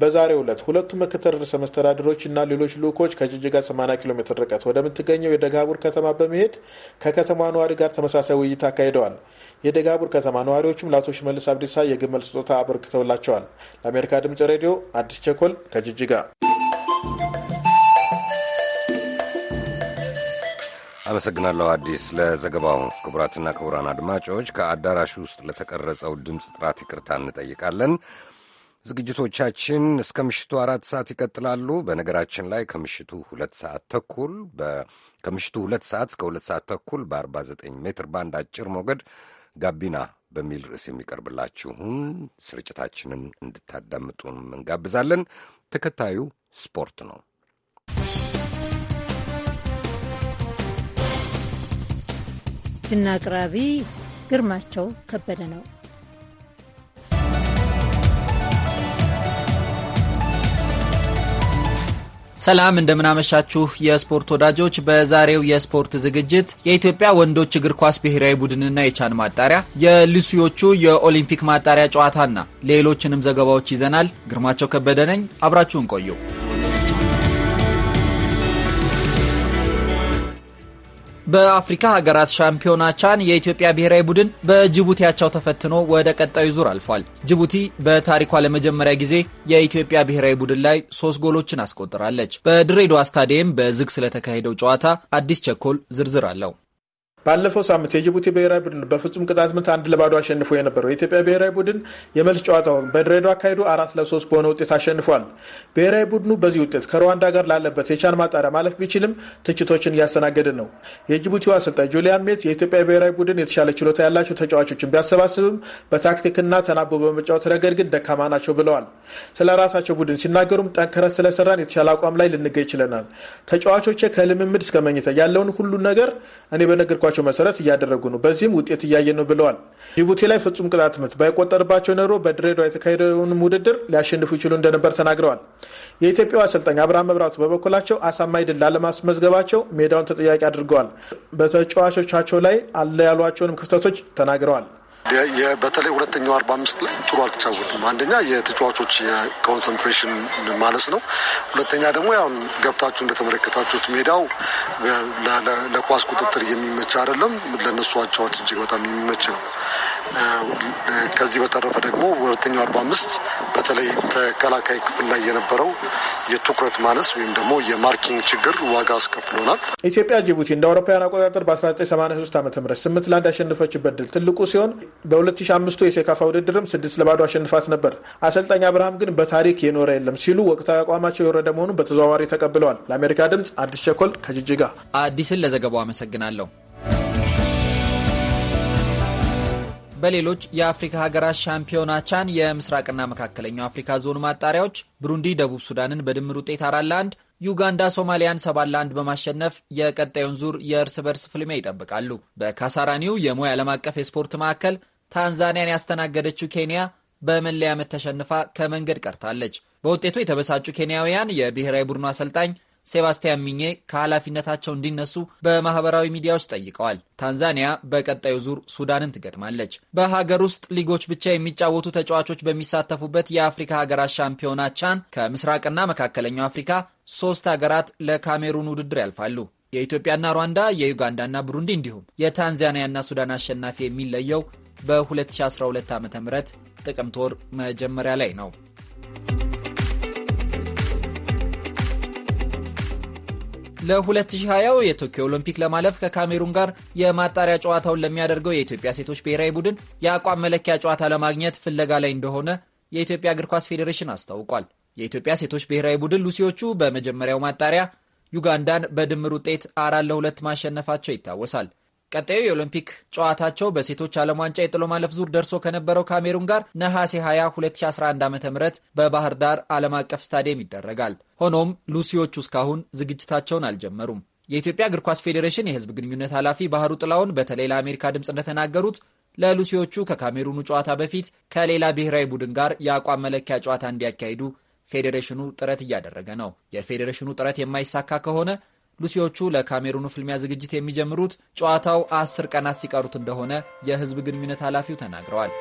በዛሬው ዕለት ሁለቱም ምክትል ርዕሰ መስተዳድሮች እና ሌሎች ልኡኮች ከጅጅጋ 80 ኪሎ ሜትር ርቀት ወደምትገኘው የደጋቡር ከተማ በመሄድ ከከተማ ነዋሪ ጋር ተመሳሳይ ውይይት አካሂደዋል። የደጋቡር ከተማ ነዋሪዎችም ለአቶ ሽመልስ አብዲሳ የግመል ስጦታ አበርክተውላቸዋል። ለአሜሪካ ድምጽ ሬዲዮ አዲስ ቸኮል ከጅጅጋ አመሰግናለሁ አዲስ ለዘገባው። ክቡራትና ክቡራን አድማጮች ከአዳራሽ ውስጥ ለተቀረጸው ድምፅ ጥራት ይቅርታ እንጠይቃለን። ዝግጅቶቻችን እስከ ምሽቱ አራት ሰዓት ይቀጥላሉ። በነገራችን ላይ ከምሽቱ ሁለት ሰዓት ተኩል ከምሽቱ ሁለት ሰዓት እስከ ሁለት ሰዓት ተኩል በ49 ሜትር ባንድ አጭር ሞገድ ጋቢና በሚል ርዕስ የሚቀርብላችሁን ስርጭታችንን እንድታዳምጡን እንጋብዛለን። ተከታዩ ስፖርት ነው። አዘጋጅና አቅራቢ ግርማቸው ከበደ ነው። ሰላም እንደምናመሻችሁ የስፖርት ወዳጆች። በዛሬው የስፖርት ዝግጅት የኢትዮጵያ ወንዶች እግር ኳስ ብሔራዊ ቡድንና የቻን ማጣሪያ፣ የልሱዮቹ የኦሊምፒክ ማጣሪያ ጨዋታና ሌሎችንም ዘገባዎች ይዘናል። ግርማቸው ከበደ ነኝ። አብራችሁን ቆዩ። በአፍሪካ ሀገራት ሻምፒዮና ቻን የኢትዮጵያ ብሔራዊ ቡድን በጅቡቲ አቻው ተፈትኖ ወደ ቀጣዩ ዙር አልፏል። ጅቡቲ በታሪኳ ለመጀመሪያ ጊዜ የኢትዮጵያ ብሔራዊ ቡድን ላይ ሶስት ጎሎችን አስቆጥራለች። በድሬዳዋ ስታዲየም በዝግ ስለተካሄደው ጨዋታ አዲስ ቸኮል ዝርዝር አለው። ባለፈው ሳምንት የጅቡቲ ብሔራዊ ቡድን በፍጹም ቅጣት ምት አንድ ለባዶ አሸንፎ የነበረው የኢትዮጵያ ብሔራዊ ቡድን የመልስ ጨዋታውን በድሬዳዋ አካሂዶ አራት ለሶስት በሆነ ውጤት አሸንፏል። ብሔራዊ ቡድኑ በዚህ ውጤት ከሩዋንዳ ጋር ላለበት የቻን ማጣሪያ ማለፍ ቢችልም ትችቶችን እያስተናገደ ነው። የጅቡቲው አሰልጣኝ ጁሊያን ሜት የኢትዮጵያ ብሔራዊ ቡድን የተሻለ ችሎታ ያላቸው ተጫዋቾችን ቢያሰባስብም በታክቲክና ተናቦ በመጫወት ረገድ ግን ደካማ ናቸው ብለዋል። ስለ ራሳቸው ቡድን ሲናገሩም ጠንክረን ስለሰራን የተሻለ አቋም ላይ ልንገኝ ችለናል። ተጫዋቾቼ ከልምምድ እስከ መኝታ ያለውን ሁሉ ነገር እኔ በነገርኳ ባልኳቸው መሰረት እያደረጉ ነው። በዚህም ውጤት እያየ ነው ብለዋል። ጅቡቲ ላይ ፍጹም ቅጣት ምት ባይቆጠርባቸው ኖሮ በድሬዳዋ የተካሄደውንም ውድድር ሊያሸንፉ ይችሉ እንደነበር ተናግረዋል። የኢትዮጵያው አሰልጣኝ አብርሃም መብራቱ በበኩላቸው አሳማኝ ድል ላለማስመዝገባቸው ሜዳውን ተጠያቂ አድርገዋል። በተጫዋቾቻቸው ላይ አለ ያሏቸውንም ክፍተቶች ተናግረዋል። በተለይ ሁለተኛው አርባ አምስት ላይ ጥሩ አልተጫወትም። አንደኛ የተጫዋቾች የኮንሰንትሬሽን ማለት ነው። ሁለተኛ ደግሞ ያው ገብታችሁ እንደተመለከታችሁት ሜዳው ለኳስ ቁጥጥር የሚመች አይደለም። ለእነሱ አጫዋች እጅግ በጣም የሚመች ነው። ከዚህ በተረፈ ደግሞ ሁለተኛው አርባ አምስት በተለይ ተከላካይ ክፍል ላይ የነበረው የትኩረት ማነስ ወይም ደግሞ የማርኪንግ ችግር ዋጋ አስከፍሎናል። ኢትዮጵያ ጅቡቲ እንደ አውሮፓውያን አቆጣጠር በ1983 ዓ ም ስምንት ለአንድ ያሸነፈችበት ድል ትልቁ ሲሆን በ2005 የሴካፋ ውድድርም ስድስት ለባዶ አሸንፋት ነበር። አሰልጣኝ አብርሃም ግን በታሪክ የኖረ የለም ሲሉ ወቅታዊ አቋማቸው የወረደ መሆኑን በተዘዋዋሪ ተቀብለዋል። ለአሜሪካ ድምፅ አዲስ ቸኮል ከጅጅጋ አዲስን ለዘገባው አመሰግናለሁ። በሌሎች የአፍሪካ ሀገራት ሻምፒዮና ቻን የምስራቅና መካከለኛው አፍሪካ ዞን ማጣሪያዎች ብሩንዲ ደቡብ ሱዳንን በድምር ውጤት አራት ለአንድ፣ ዩጋንዳ ሶማሊያን ሰባት ለአንድ በማሸነፍ የቀጣዩን ዙር የእርስ በርስ ፍልሚያ ይጠብቃሉ። በካሳራኒው የሞይ ዓለም አቀፍ የስፖርት ማዕከል ታንዛኒያን ያስተናገደችው ኬንያ በመለያ ምት ተሸንፋ ከመንገድ ቀርታለች። በውጤቱ የተበሳጩ ኬንያውያን የብሔራዊ ቡድኑ አሰልጣኝ ሴባስቲያን ሚኜ ከኃላፊነታቸው እንዲነሱ በማህበራዊ ሚዲያዎች ጠይቀዋል። ታንዛኒያ በቀጣዩ ዙር ሱዳንን ትገጥማለች። በሀገር ውስጥ ሊጎች ብቻ የሚጫወቱ ተጫዋቾች በሚሳተፉበት የአፍሪካ ሀገራት ሻምፒዮና ቻን ከምስራቅና መካከለኛው አፍሪካ ሶስት ሀገራት ለካሜሩን ውድድር ያልፋሉ። የኢትዮጵያና ሩዋንዳ፣ የዩጋንዳና ብሩንዲ እንዲሁም የታንዛኒያና ሱዳን አሸናፊ የሚለየው በ2012 ዓ ም ጥቅምት ወር መጀመሪያ ላይ ነው። ለ2020 የቶኪዮ ኦሎምፒክ ለማለፍ ከካሜሩን ጋር የማጣሪያ ጨዋታውን ለሚያደርገው የኢትዮጵያ ሴቶች ብሔራዊ ቡድን የአቋም መለኪያ ጨዋታ ለማግኘት ፍለጋ ላይ እንደሆነ የኢትዮጵያ እግር ኳስ ፌዴሬሽን አስታውቋል። የኢትዮጵያ ሴቶች ብሔራዊ ቡድን ሉሲዎቹ በመጀመሪያው ማጣሪያ ዩጋንዳን በድምር ውጤት አራት ለሁለት ማሸነፋቸው ይታወሳል። ቀጣዩ የኦሎምፒክ ጨዋታቸው በሴቶች ዓለም ዋንጫ የጥሎ ማለፍ ዙር ደርሶ ከነበረው ካሜሩን ጋር ነሐሴ 20 2011 ዓ ም በባህር ዳር ዓለም አቀፍ ስታዲየም ይደረጋል። ሆኖም ሉሲዎቹ እስካሁን ዝግጅታቸውን አልጀመሩም። የኢትዮጵያ እግር ኳስ ፌዴሬሽን የህዝብ ግንኙነት ኃላፊ ባህሩ ጥላውን በተለይ ለአሜሪካ ድምፅ እንደተናገሩት ለሉሲዎቹ ከካሜሩኑ ጨዋታ በፊት ከሌላ ብሔራዊ ቡድን ጋር የአቋም መለኪያ ጨዋታ እንዲያካሂዱ ፌዴሬሽኑ ጥረት እያደረገ ነው። የፌዴሬሽኑ ጥረት የማይሳካ ከሆነ ሉሲዎቹ ለካሜሩኑ ፍልሚያ ዝግጅት የሚጀምሩት ጨዋታው አስር ቀናት ሲቀሩት እንደሆነ የህዝብ ግንኙነት ኃላፊው ተናግረዋል።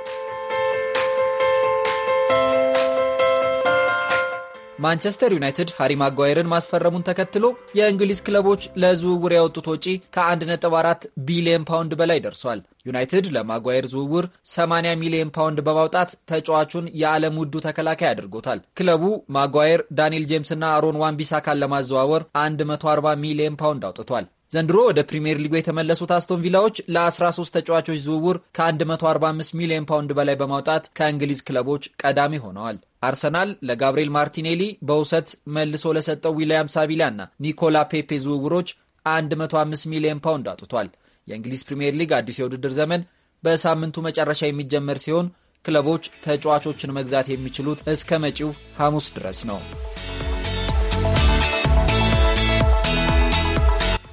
ማንቸስተር ዩናይትድ ሃሪ ማጓየርን ማስፈረሙን ተከትሎ የእንግሊዝ ክለቦች ለዝውውር ያወጡት ወጪ ከ1.4 ቢሊዮን ፓውንድ በላይ ደርሷል። ዩናይትድ ለማጓየር ዝውውር 80 ሚሊዮን ፓውንድ በማውጣት ተጫዋቹን የዓለም ውዱ ተከላካይ አድርጎታል። ክለቡ ማጓየር፣ ዳንኤል ጄምስና አሮን ዋንቢሳካን ለማዘዋወር 140 ሚሊዮን ፓውንድ አውጥቷል። ዘንድሮ ወደ ፕሪምየር ሊጉ የተመለሱት አስቶን ቪላዎች ለ13 ተጫዋቾች ዝውውር ከ145 ሚሊዮን ፓውንድ በላይ በማውጣት ከእንግሊዝ ክለቦች ቀዳሚ ሆነዋል። አርሰናል ለጋብሪኤል ማርቲኔሊ በውሰት መልሶ ለሰጠው ዊልያም ሳቢላና ኒኮላ ፔፔ ዝውውሮች 105 ሚሊዮን ፓውንድ አውጥቷል። የእንግሊዝ ፕሪምየር ሊግ አዲሱ የውድድር ዘመን በሳምንቱ መጨረሻ የሚጀመር ሲሆን ክለቦች ተጫዋቾችን መግዛት የሚችሉት እስከ መጪው ሐሙስ ድረስ ነው።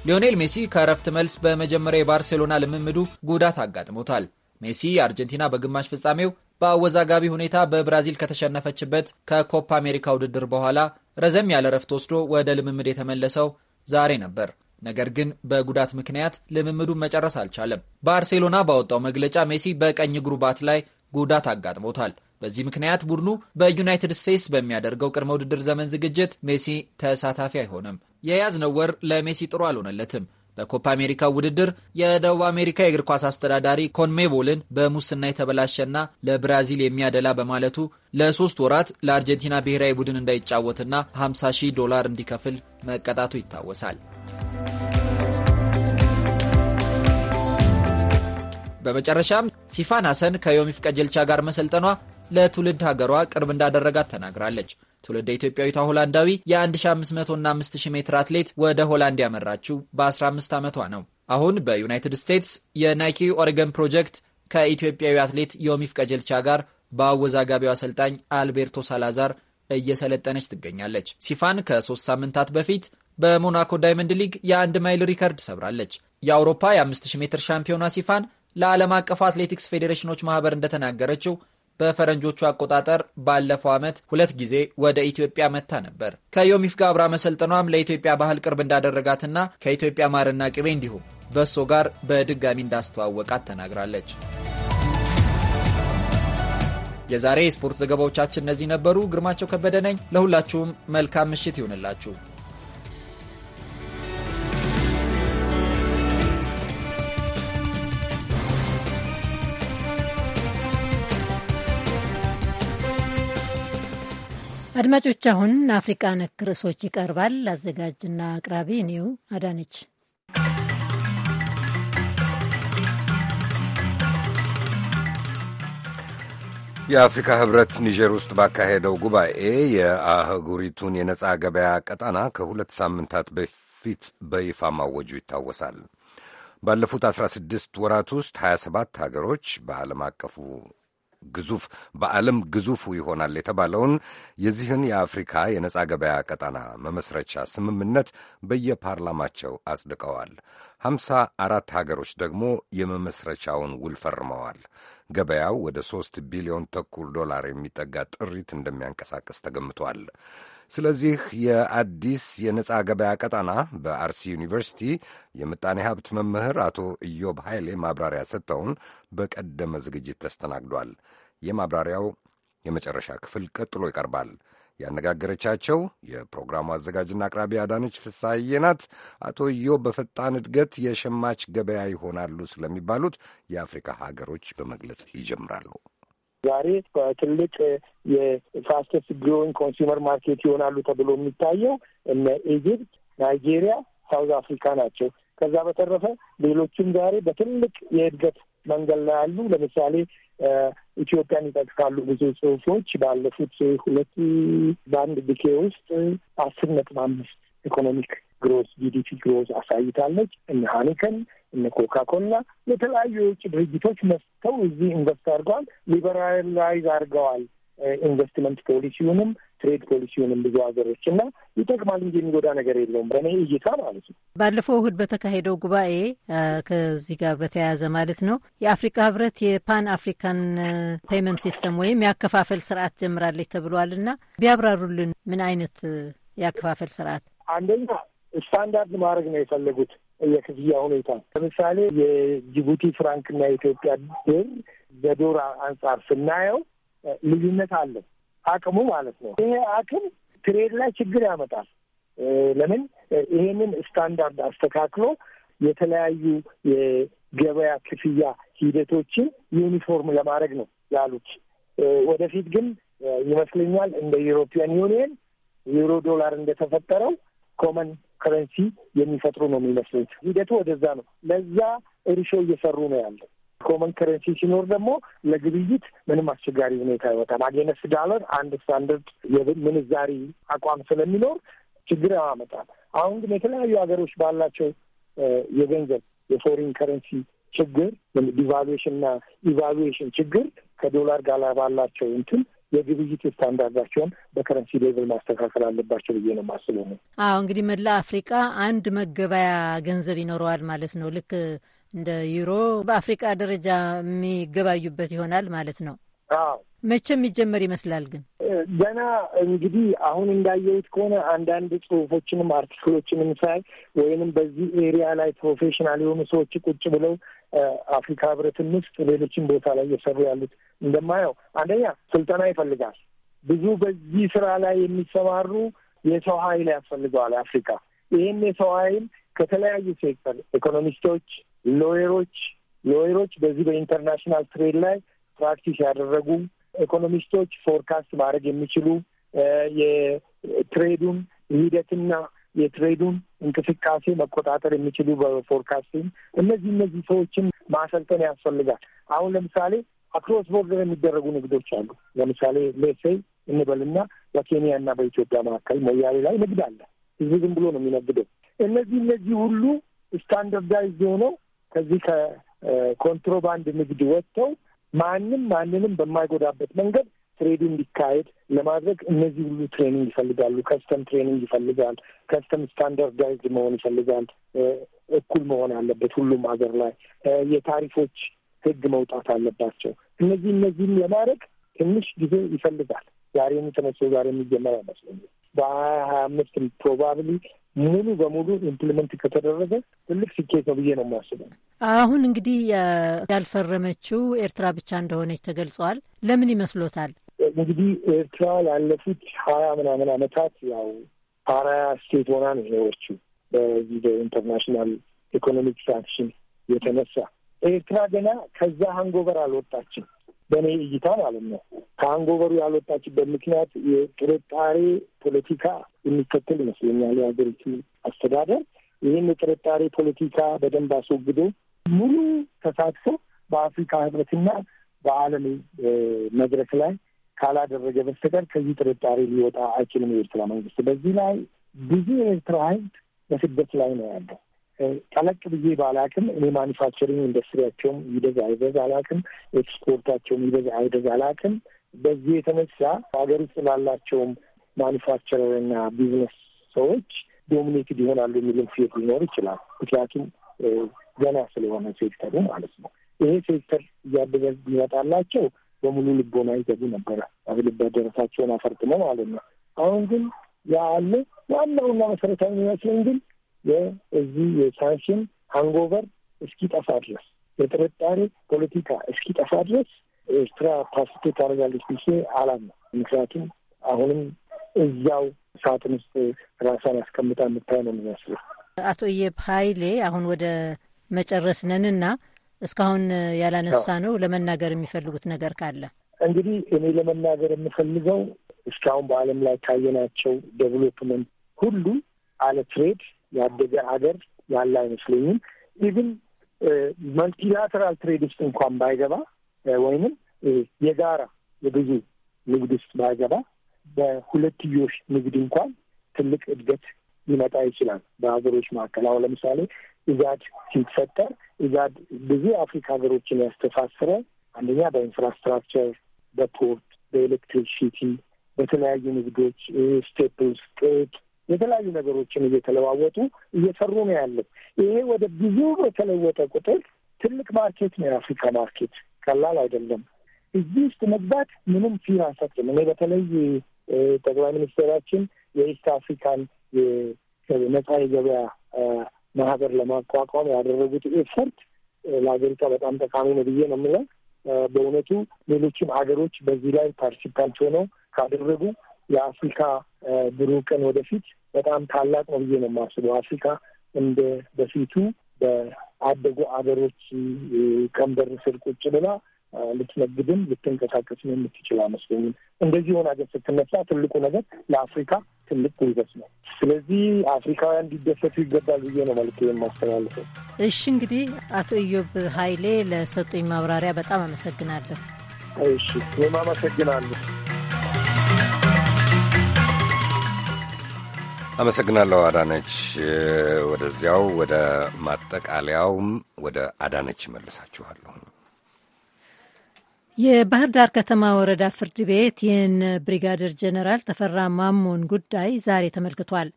ሊዮኔል ሜሲ ከእረፍት መልስ በመጀመሪያ የባርሴሎና ልምምዱ ጉዳት አጋጥሞታል። ሜሲ አርጀንቲና በግማሽ ፍጻሜው በአወዛጋቢ ሁኔታ በብራዚል ከተሸነፈችበት ከኮፓ አሜሪካ ውድድር በኋላ ረዘም ያለ እረፍት ወስዶ ወደ ልምምድ የተመለሰው ዛሬ ነበር። ነገር ግን በጉዳት ምክንያት ልምምዱን መጨረስ አልቻለም። ባርሴሎና ባወጣው መግለጫ ሜሲ በቀኝ እግሩ ባት ላይ ጉዳት አጋጥሞታል። በዚህ ምክንያት ቡድኑ በዩናይትድ ስቴትስ በሚያደርገው ቅድመ ውድድር ዘመን ዝግጅት ሜሲ ተሳታፊ አይሆንም። የያዝነው ወር ለሜሲ ጥሩ አልሆነለትም። በኮፓ አሜሪካ ውድድር የደቡብ አሜሪካ የእግር ኳስ አስተዳዳሪ ኮንሜቦልን በሙስና የተበላሸና ለብራዚል የሚያደላ በማለቱ ለሶስት ወራት ለአርጀንቲና ብሔራዊ ቡድን እንዳይጫወትና 50 ሺህ ዶላር እንዲከፍል መቀጣቱ ይታወሳል። በመጨረሻም ሲፋን ሐሰን ከዮሚፍ ቀጀልቻ ጋር መሰልጠኗ ለትውልድ ሀገሯ ቅርብ እንዳደረጋት ተናግራለች። ትውልደ ኢትዮጵያዊቷ ሆላንዳዊ የ1500 እና 5000 ሜትር አትሌት ወደ ሆላንድ ያመራችው በ15 ዓመቷ ነው። አሁን በዩናይትድ ስቴትስ የናይኪ ኦሬገን ፕሮጀክት ከኢትዮጵያዊ አትሌት ዮሚፍ ቀጀልቻ ጋር በአወዛጋቢው አሰልጣኝ አልቤርቶ ሳላዛር እየሰለጠነች ትገኛለች። ሲፋን ከሶስት ሳምንታት በፊት በሞናኮ ዳይመንድ ሊግ የአንድ ማይል ሪከርድ ሰብራለች። የአውሮፓ የ5000 ሜትር ሻምፒዮኗ ሲፋን ለዓለም አቀፉ አትሌቲክስ ፌዴሬሽኖች ማኅበር እንደተናገረችው በፈረንጆቹ አቆጣጠር ባለፈው ዓመት ሁለት ጊዜ ወደ ኢትዮጵያ መታ ነበር። ከዮሚፍ ጋር አብራ መሰልጠኗም ለኢትዮጵያ ባህል ቅርብ እንዳደረጋትና ከኢትዮጵያ ማርና ቅቤ እንዲሁም በሶ ጋር በድጋሚ እንዳስተዋወቃት ተናግራለች። የዛሬ የስፖርት ዘገባዎቻችን እነዚህ ነበሩ። ግርማቸው ከበደ ነኝ። ለሁላችሁም መልካም ምሽት ይሁንላችሁ። አድማጮች፣ አሁን አፍሪቃ ነክ ርዕሶች ይቀርባል። አዘጋጅና አቅራቢ እኔው አዳነች። የአፍሪካ ህብረት ኒጀር ውስጥ ባካሄደው ጉባኤ የአህጉሪቱን የነጻ ገበያ ቀጠና ከሁለት ሳምንታት በፊት በይፋ ማወጁ ይታወሳል። ባለፉት 16 ወራት ውስጥ 27 ሀገሮች በዓለም አቀፉ ግዙፍ በዓለም ግዙፉ ይሆናል የተባለውን የዚህን የአፍሪካ የነጻ ገበያ ቀጠና መመስረቻ ስምምነት በየፓርላማቸው አጽድቀዋል። ሀምሳ አራት ሀገሮች ደግሞ የመመስረቻውን ውል ፈርመዋል። ገበያው ወደ ሦስት ቢሊዮን ተኩል ዶላር የሚጠጋ ጥሪት እንደሚያንቀሳቅስ ተገምቷል። ስለዚህ የአዲስ የነጻ ገበያ ቀጠና በአርሲ ዩኒቨርሲቲ የምጣኔ ሀብት መምህር አቶ ኢዮብ ኃይሌ ማብራሪያ ሰጥተውን በቀደመ ዝግጅት ተስተናግዷል። የማብራሪያው የመጨረሻ ክፍል ቀጥሎ ይቀርባል። ያነጋገረቻቸው የፕሮግራሙ አዘጋጅና አቅራቢ አዳነች ፍሳዬ ናት። አቶ ኢዮብ በፈጣን እድገት የሸማች ገበያ ይሆናሉ ስለሚባሉት የአፍሪካ ሀገሮች በመግለጽ ይጀምራሉ። ዛሬ በትልቅ የፋስተስት ግሮዊንግ ኮንሱመር ማርኬት ይሆናሉ ተብሎ የሚታየው እነ ኢጅፕት፣ ናይጄሪያ፣ ሳውዝ አፍሪካ ናቸው። ከዛ በተረፈ ሌሎችም ዛሬ በትልቅ የእድገት መንገድ ላይ ያሉ ለምሳሌ ኢትዮጵያን ይጠቅሳሉ ብዙ ጽሁፎች ባለፉት ሁለት በአንድ ዲኬ ውስጥ አስር ነጥብ አምስት ኢኮኖሚክ ግሮዝ ጂዲፒ ግሮዝ አሳይታለች። እነ ሃኒከን እነ ኮካ ኮላ የተለያዩ የውጭ ድርጅቶች መስተው እዚህ ኢንቨስት አድርገዋል። ሊበራላይዝ አድርገዋል ኢንቨስትመንት ፖሊሲውንም ትሬድ ፖሊሲውንም ብዙ ሀገሮች እና ይጠቅማል እንጂ የሚጎዳ ነገር የለውም በእኔ እይታ ማለት ነው። ባለፈው እሁድ በተካሄደው ጉባኤ ከዚህ ጋር በተያያዘ ማለት ነው የአፍሪካ ህብረት የፓን አፍሪካን ፔመንት ሲስተም ወይም የአከፋፈል ስርዓት ጀምራለች ተብሏል እና ቢያብራሩልን ምን አይነት የአከፋፈል ስርዓት አንደኛ ስታንዳርድ ማድረግ ነው የፈለጉት የክፍያ ሁኔታ። ለምሳሌ የጅቡቲ ፍራንክና የኢትዮጵያ ብር በዶር አንጻር ስናየው ልዩነት አለ። አቅሙ ማለት ነው። ይሄ አቅም ትሬድ ላይ ችግር ያመጣል። ለምን ይሄንን ስታንዳርድ አስተካክሎ የተለያዩ የገበያ ክፍያ ሂደቶችን ዩኒፎርም ለማድረግ ነው ያሉት። ወደፊት ግን ይመስለኛል እንደ ዩሮፒያን ዩኒየን ዩሮ ዶላር እንደተፈጠረው ኮመን ከረንሲ የሚፈጥሩ ነው የሚመስሉት። ሂደቱ ወደዛ ነው። ለዛ እርሾ እየሰሩ ነው ያለው። ኮመን ከረንሲ ሲኖር ደግሞ ለግብይት ምንም አስቸጋሪ ሁኔታ ይወጣል። አጌነስ ዳለር አንድ ስታንደርድ የምንዛሪ አቋም ስለሚኖር ችግር ያመጣል። አሁን ግን የተለያዩ ሀገሮች ባላቸው የገንዘብ የፎሪን ከረንሲ ችግር ዲቫሉዌሽን እና ኢቫሉዌሽን ችግር ከዶላር ጋር ባላቸው እንትን የግብይት ስታንዳርዳቸውን በከረንሲ ሌቭል ማስተካከል አለባቸው ብዬ ነው የማስበው። ነው አዎ፣ እንግዲህ መላ አፍሪቃ አንድ መገበያ ገንዘብ ይኖረዋል ማለት ነው። ልክ እንደ ዩሮ በአፍሪቃ ደረጃ የሚገባዩበት ይሆናል ማለት ነው። አዎ፣ መቼ የሚጀመር ይመስላል ግን ገና እንግዲህ አሁን እንዳየሁት ከሆነ አንዳንድ ጽሁፎችንም አርቲክሎችንም ሳይ ወይንም በዚህ ኤሪያ ላይ ፕሮፌሽናል የሆኑ ሰዎች ቁጭ ብለው አፍሪካ ህብረትን ውስጥ ሌሎችን ቦታ ላይ እየሰሩ ያሉት እንደማየው አንደኛ ስልጠና ይፈልጋል። ብዙ በዚህ ስራ ላይ የሚሰማሩ የሰው ኃይል ያስፈልገዋል አፍሪካ። ይህን የሰው ኃይል ከተለያዩ ሴክተር ኢኮኖሚስቶች፣ ሎየሮች ሎየሮች በዚህ በኢንተርናሽናል ትሬድ ላይ ፕራክቲስ ያደረጉ ኢኮኖሚስቶች ፎርካስት ማድረግ የሚችሉ የትሬዱን ሂደትና የትሬዱን እንቅስቃሴ መቆጣጠር የሚችሉ በፎርካስቲንግ እነዚህ እነዚህ ሰዎችን ማሰልጠን ያስፈልጋል። አሁን ለምሳሌ አክሮስ ቦርደር የሚደረጉ ንግዶች አሉ። ለምሳሌ ሌሴይ እንበልና በኬንያ እና በኢትዮጵያ መካከል ሞያሌ ላይ ንግድ አለ። እዚህ ዝም ብሎ ነው የሚነግደው። እነዚህ እነዚህ ሁሉ ስታንደርዳይዝ የሆነው ከዚህ ከኮንትሮባንድ ንግድ ወጥተው ማንም ማንንም በማይጎዳበት መንገድ ትሬድ እንዲካሄድ ለማድረግ እነዚህ ሁሉ ትሬኒንግ ይፈልጋሉ። ከስተም ትሬኒንግ ይፈልጋል። ከስተም ስታንዳርዳይዝድ መሆን ይፈልጋል። እኩል መሆን አለበት ሁሉም ሀገር ላይ የታሪፎች ህግ መውጣት አለባቸው። እነዚህ እነዚህም ለማድረግ ትንሽ ጊዜ ይፈልጋል። ዛሬ ተነስቶ ዛሬ የሚጀመር አይመስለኛል። በሀያ ሀያ አምስት ፕሮባብሊ ሙሉ በሙሉ ኢምፕሊመንት ከተደረገ ትልቅ ስኬት ነው ብዬ ነው የማስበው። አሁን እንግዲህ ያልፈረመችው ኤርትራ ብቻ እንደሆነች ተገልጸዋል። ለምን ይመስሎታል? እንግዲህ ኤርትራ ላለፉት ሀያ ምናምን አመታት ያው አራያ ስቴት ሆና ነው የኖረችው በዚህ በኢንተርናሽናል ኢኮኖሚክ ሳንክሽን የተነሳ ኤርትራ ገና ከዛ ሀንጎበር አልወጣችም፣ በእኔ እይታ ማለት ነው። ከሀንጎበሩ ያልወጣችበት ምክንያት የጥርጣሬ ፖለቲካ የሚከተል ይመስለኛል። የሀገሪቱ አስተዳደር ይህን የጥርጣሬ ፖለቲካ በደንብ አስወግዶ ሙሉ ተሳትፎ በአፍሪካ ህብረትና በዓለም መድረክ ላይ ካላደረገ በስተቀር ከዚህ ጥርጣሬ ሊወጣ አይችልም የኤርትራ መንግስት። በዚህ ላይ ብዙ የኤርትራ ህዝብ በስደት ላይ ነው ያለው። ጠለቅ ብዬ ባላቅም እኔ ማኒፋክቸሪንግ ኢንዱስትሪያቸውም ይበዛ አይበዛ አላቅም፣ ኤክስፖርታቸውም ይበዛ አይበዛ አላቅም። በዚህ የተነሳ ሀገር ውስጥ ላላቸውም ማኒፋክቸረር እና ቢዝነስ ሰዎች ዶሚኔትድ ይሆናሉ የሚልም ፌት ሊኖር ይችላል። ምክንያቱም ገና ስለሆነ ሴክተሩ ማለት ነው። ይሄ ሴክተር እያደገ ይመጣላቸው በሙሉ ልቦና ይገቡ ነበረ አብልበት ደረሳቸውን አፈርጥመው ማለት ነው። አሁን ግን ያለ ዋናውና መሰረታዊ የሚመስለኝ ግን የዚህ የሳንሽን ሃንጎቨር እስኪጠፋ ድረስ የጥርጣሬ ፖለቲካ እስኪጠፋ ድረስ ኤርትራ ፓሲፊክ ታደርጋለች ብዬ አላምነው። ምክንያቱም አሁንም እዛው ሳጥን ውስጥ ራሷን አስቀምጣ የምታይ ነው የሚመስለው። አቶ እየብ ኃይሌ አሁን ወደ መጨረስ ነንና እስካሁን ያላነሳ ነው ለመናገር የሚፈልጉት ነገር ካለ እንግዲህ እኔ ለመናገር የምፈልገው እስካሁን በዓለም ላይ ካየናቸው ዴቨሎፕመንት ሁሉ አለ ትሬድ ያደገ ሀገር ያለ አይመስለኝም። ኢቭን መልቲላተራል ትሬድ ውስጥ እንኳን ባይገባ ወይንም የጋራ የብዙ ንግድ ውስጥ ባይገባ በሁለትዮሽ ንግድ እንኳን ትልቅ እድገት ሊመጣ ይችላል በሀገሮች መካከል። አሁን ለምሳሌ ኢጋድ ሲፈጠር ኢጋድ ብዙ የአፍሪካ ሀገሮችን ያስተሳስረ አንደኛ በኢንፍራስትራክቸር፣ በፖርት፣ በኤሌክትሪክሲቲ፣ በተለያዩ ንግዶች ስቴፕልስ፣ ጥጥ የተለያዩ ነገሮችን እየተለዋወጡ እየሰሩ ነው ያለው። ይሄ ወደ ብዙ በተለወጠ ቁጥር ትልቅ ማርኬት ነው የአፍሪካ ማርኬት፣ ቀላል አይደለም። እዚህ ውስጥ መግባት ምንም ፊር አንሰጥም። እኔ በተለይ ጠቅላይ ሚኒስትራችን የኢስት አፍሪካን ነጻ የገበያ ማህበር ለማቋቋም ያደረጉት ኤፈርት ለሀገሪቷ በጣም ጠቃሚ ነው ብዬ ነው የምለው። በእውነቱ ሌሎችም ሀገሮች በዚህ ላይ ፓርቲሲፓንት ሆነው ካደረጉ የአፍሪካ ብሩህ ቀን ወደፊት በጣም ታላቅ ነው ብዬ ነው የማስበው። አፍሪካ እንደ በፊቱ በአደጉ አገሮች ቀንበር ስር ቁጭ ብላ ልትነግድም ልትንቀሳቀስ ነው የምትችል አይመስለኝም። እንደዚህ የሆነ ሀገር ስትነሳ ትልቁ ነገር ለአፍሪካ ትልቅ ጉልበት ነው። ስለዚህ አፍሪካውያን እንዲደሰቱ ይገባል ብዬ ነው መልክ የማስተላልፈ። እሺ እንግዲህ አቶ ኢዮብ ኃይሌ ለሰጡኝ ማብራሪያ በጣም አመሰግናለሁ። እሺ እኔም አመሰግናለሁ። አመሰግናለሁ አዳነች። ወደዚያው ወደ ማጠቃለያውም ወደ አዳነች መልሳችኋለሁ። የባህር ዳር ከተማ ወረዳ ፍርድ ቤት ይህን ብሪጋደር ጀነራል ተፈራ ማሞን ጉዳይ ዛሬ ተመልክቷል።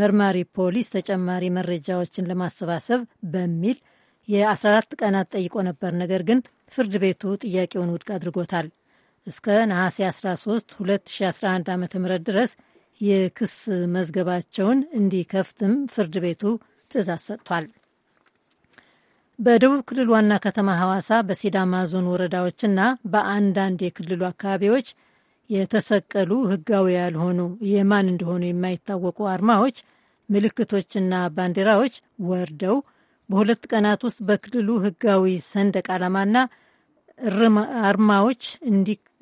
መርማሪ ፖሊስ ተጨማሪ መረጃዎችን ለማሰባሰብ በሚል የ14 ቀናት ጠይቆ ነበር። ነገር ግን ፍርድ ቤቱ ጥያቄውን ውድቅ አድርጎታል። እስከ ነሐሴ 13 2011 ዓ ም ድረስ የክስ መዝገባቸውን እንዲከፍትም ፍርድ ቤቱ ትዕዛዝ ሰጥቷል። በደቡብ ክልል ዋና ከተማ ሐዋሳ በሲዳማ ዞን ወረዳዎችና በአንዳንድ የክልሉ አካባቢዎች የተሰቀሉ ሕጋዊ ያልሆኑ የማን እንደሆኑ የማይታወቁ አርማዎች፣ ምልክቶችና ባንዲራዎች ወርደው በሁለት ቀናት ውስጥ በክልሉ ሕጋዊ ሰንደቅ ዓላማና አርማዎች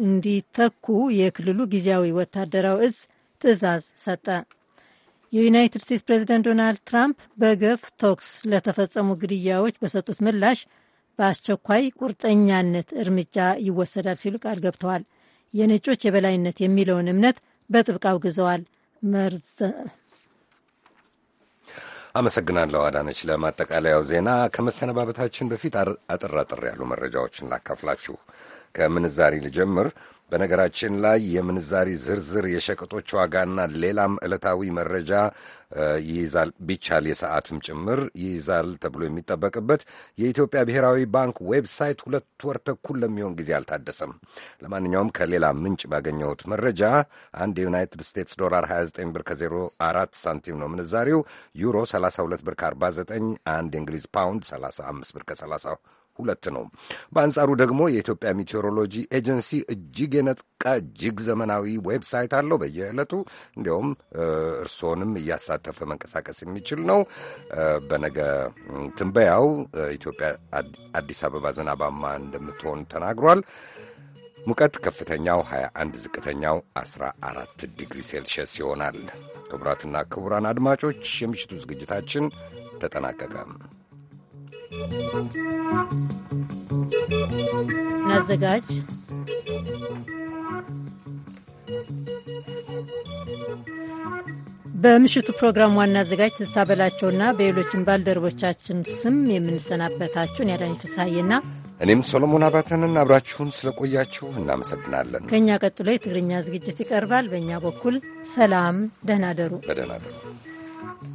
እንዲተኩ የክልሉ ጊዜያዊ ወታደራዊ እዝ ትዕዛዝ ሰጠ። የዩናይትድ ስቴትስ ፕሬዚደንት ዶናልድ ትራምፕ በገፍ ቶክስ ለተፈጸሙ ግድያዎች በሰጡት ምላሽ በአስቸኳይ ቁርጠኛነት እርምጃ ይወሰዳል ሲሉ ቃል ገብተዋል። የነጮች የበላይነት የሚለውን እምነት በጥብቅ አውግዘዋል። መርዘ አመሰግናለሁ አዳነች። ለማጠቃለያው ዜና ከመሰነባበታችን በፊት አጠር አጠር ያሉ መረጃዎችን ላካፍላችሁ። ከምንዛሪ ልጀምር። በነገራችን ላይ የምንዛሪ ዝርዝር የሸቀጦች ዋጋና ሌላም ዕለታዊ መረጃ ይይዛል፣ ቢቻል የሰዓትም ጭምር ይይዛል ተብሎ የሚጠበቅበት የኢትዮጵያ ብሔራዊ ባንክ ዌብሳይት ሁለት ወር ተኩል ለሚሆን ጊዜ አልታደሰም። ለማንኛውም ከሌላ ምንጭ ባገኘሁት መረጃ አንድ የዩናይትድ ስቴትስ ዶላር 29 ብር ከ04 ሳንቲም ነው ምንዛሪው። ዩሮ 32 ብር ከ49፣ አንድ የእንግሊዝ ፓውንድ 35 ብር ከ 32 ሁለት ነው። በአንጻሩ ደግሞ የኢትዮጵያ ሜቴሮሎጂ ኤጀንሲ እጅግ የነጥቃ እጅግ ዘመናዊ ዌብሳይት አለው። በየዕለቱ እንዲሁም እርስዎንም እያሳተፈ መንቀሳቀስ የሚችል ነው። በነገ ትንበያው ኢትዮጵያ አዲስ አበባ ዝናባማ እንደምትሆን ተናግሯል። ሙቀት ከፍተኛው 21፣ ዝቅተኛው 14 ዲግሪ ሴልሽየስ ይሆናል። ክቡራትና ክቡራን አድማጮች የምሽቱ ዝግጅታችን ተጠናቀቀ። እናዘጋጅ በምሽቱ ፕሮግራም ዋና አዘጋጅ ትዝታ በላቸውና በሌሎችም ባልደረቦቻችን ስም የምንሰናበታችሁን ያዳኝ ተሳየና እኔም ሶሎሞን አባተንን አብራችሁን ስለቆያችሁ እናመሰግናለን። ከእኛ ቀጥሎ የትግርኛ ዝግጅት ይቀርባል። በእኛ በኩል ሰላም፣ ደህና ደሩ። በደህና ደሩ።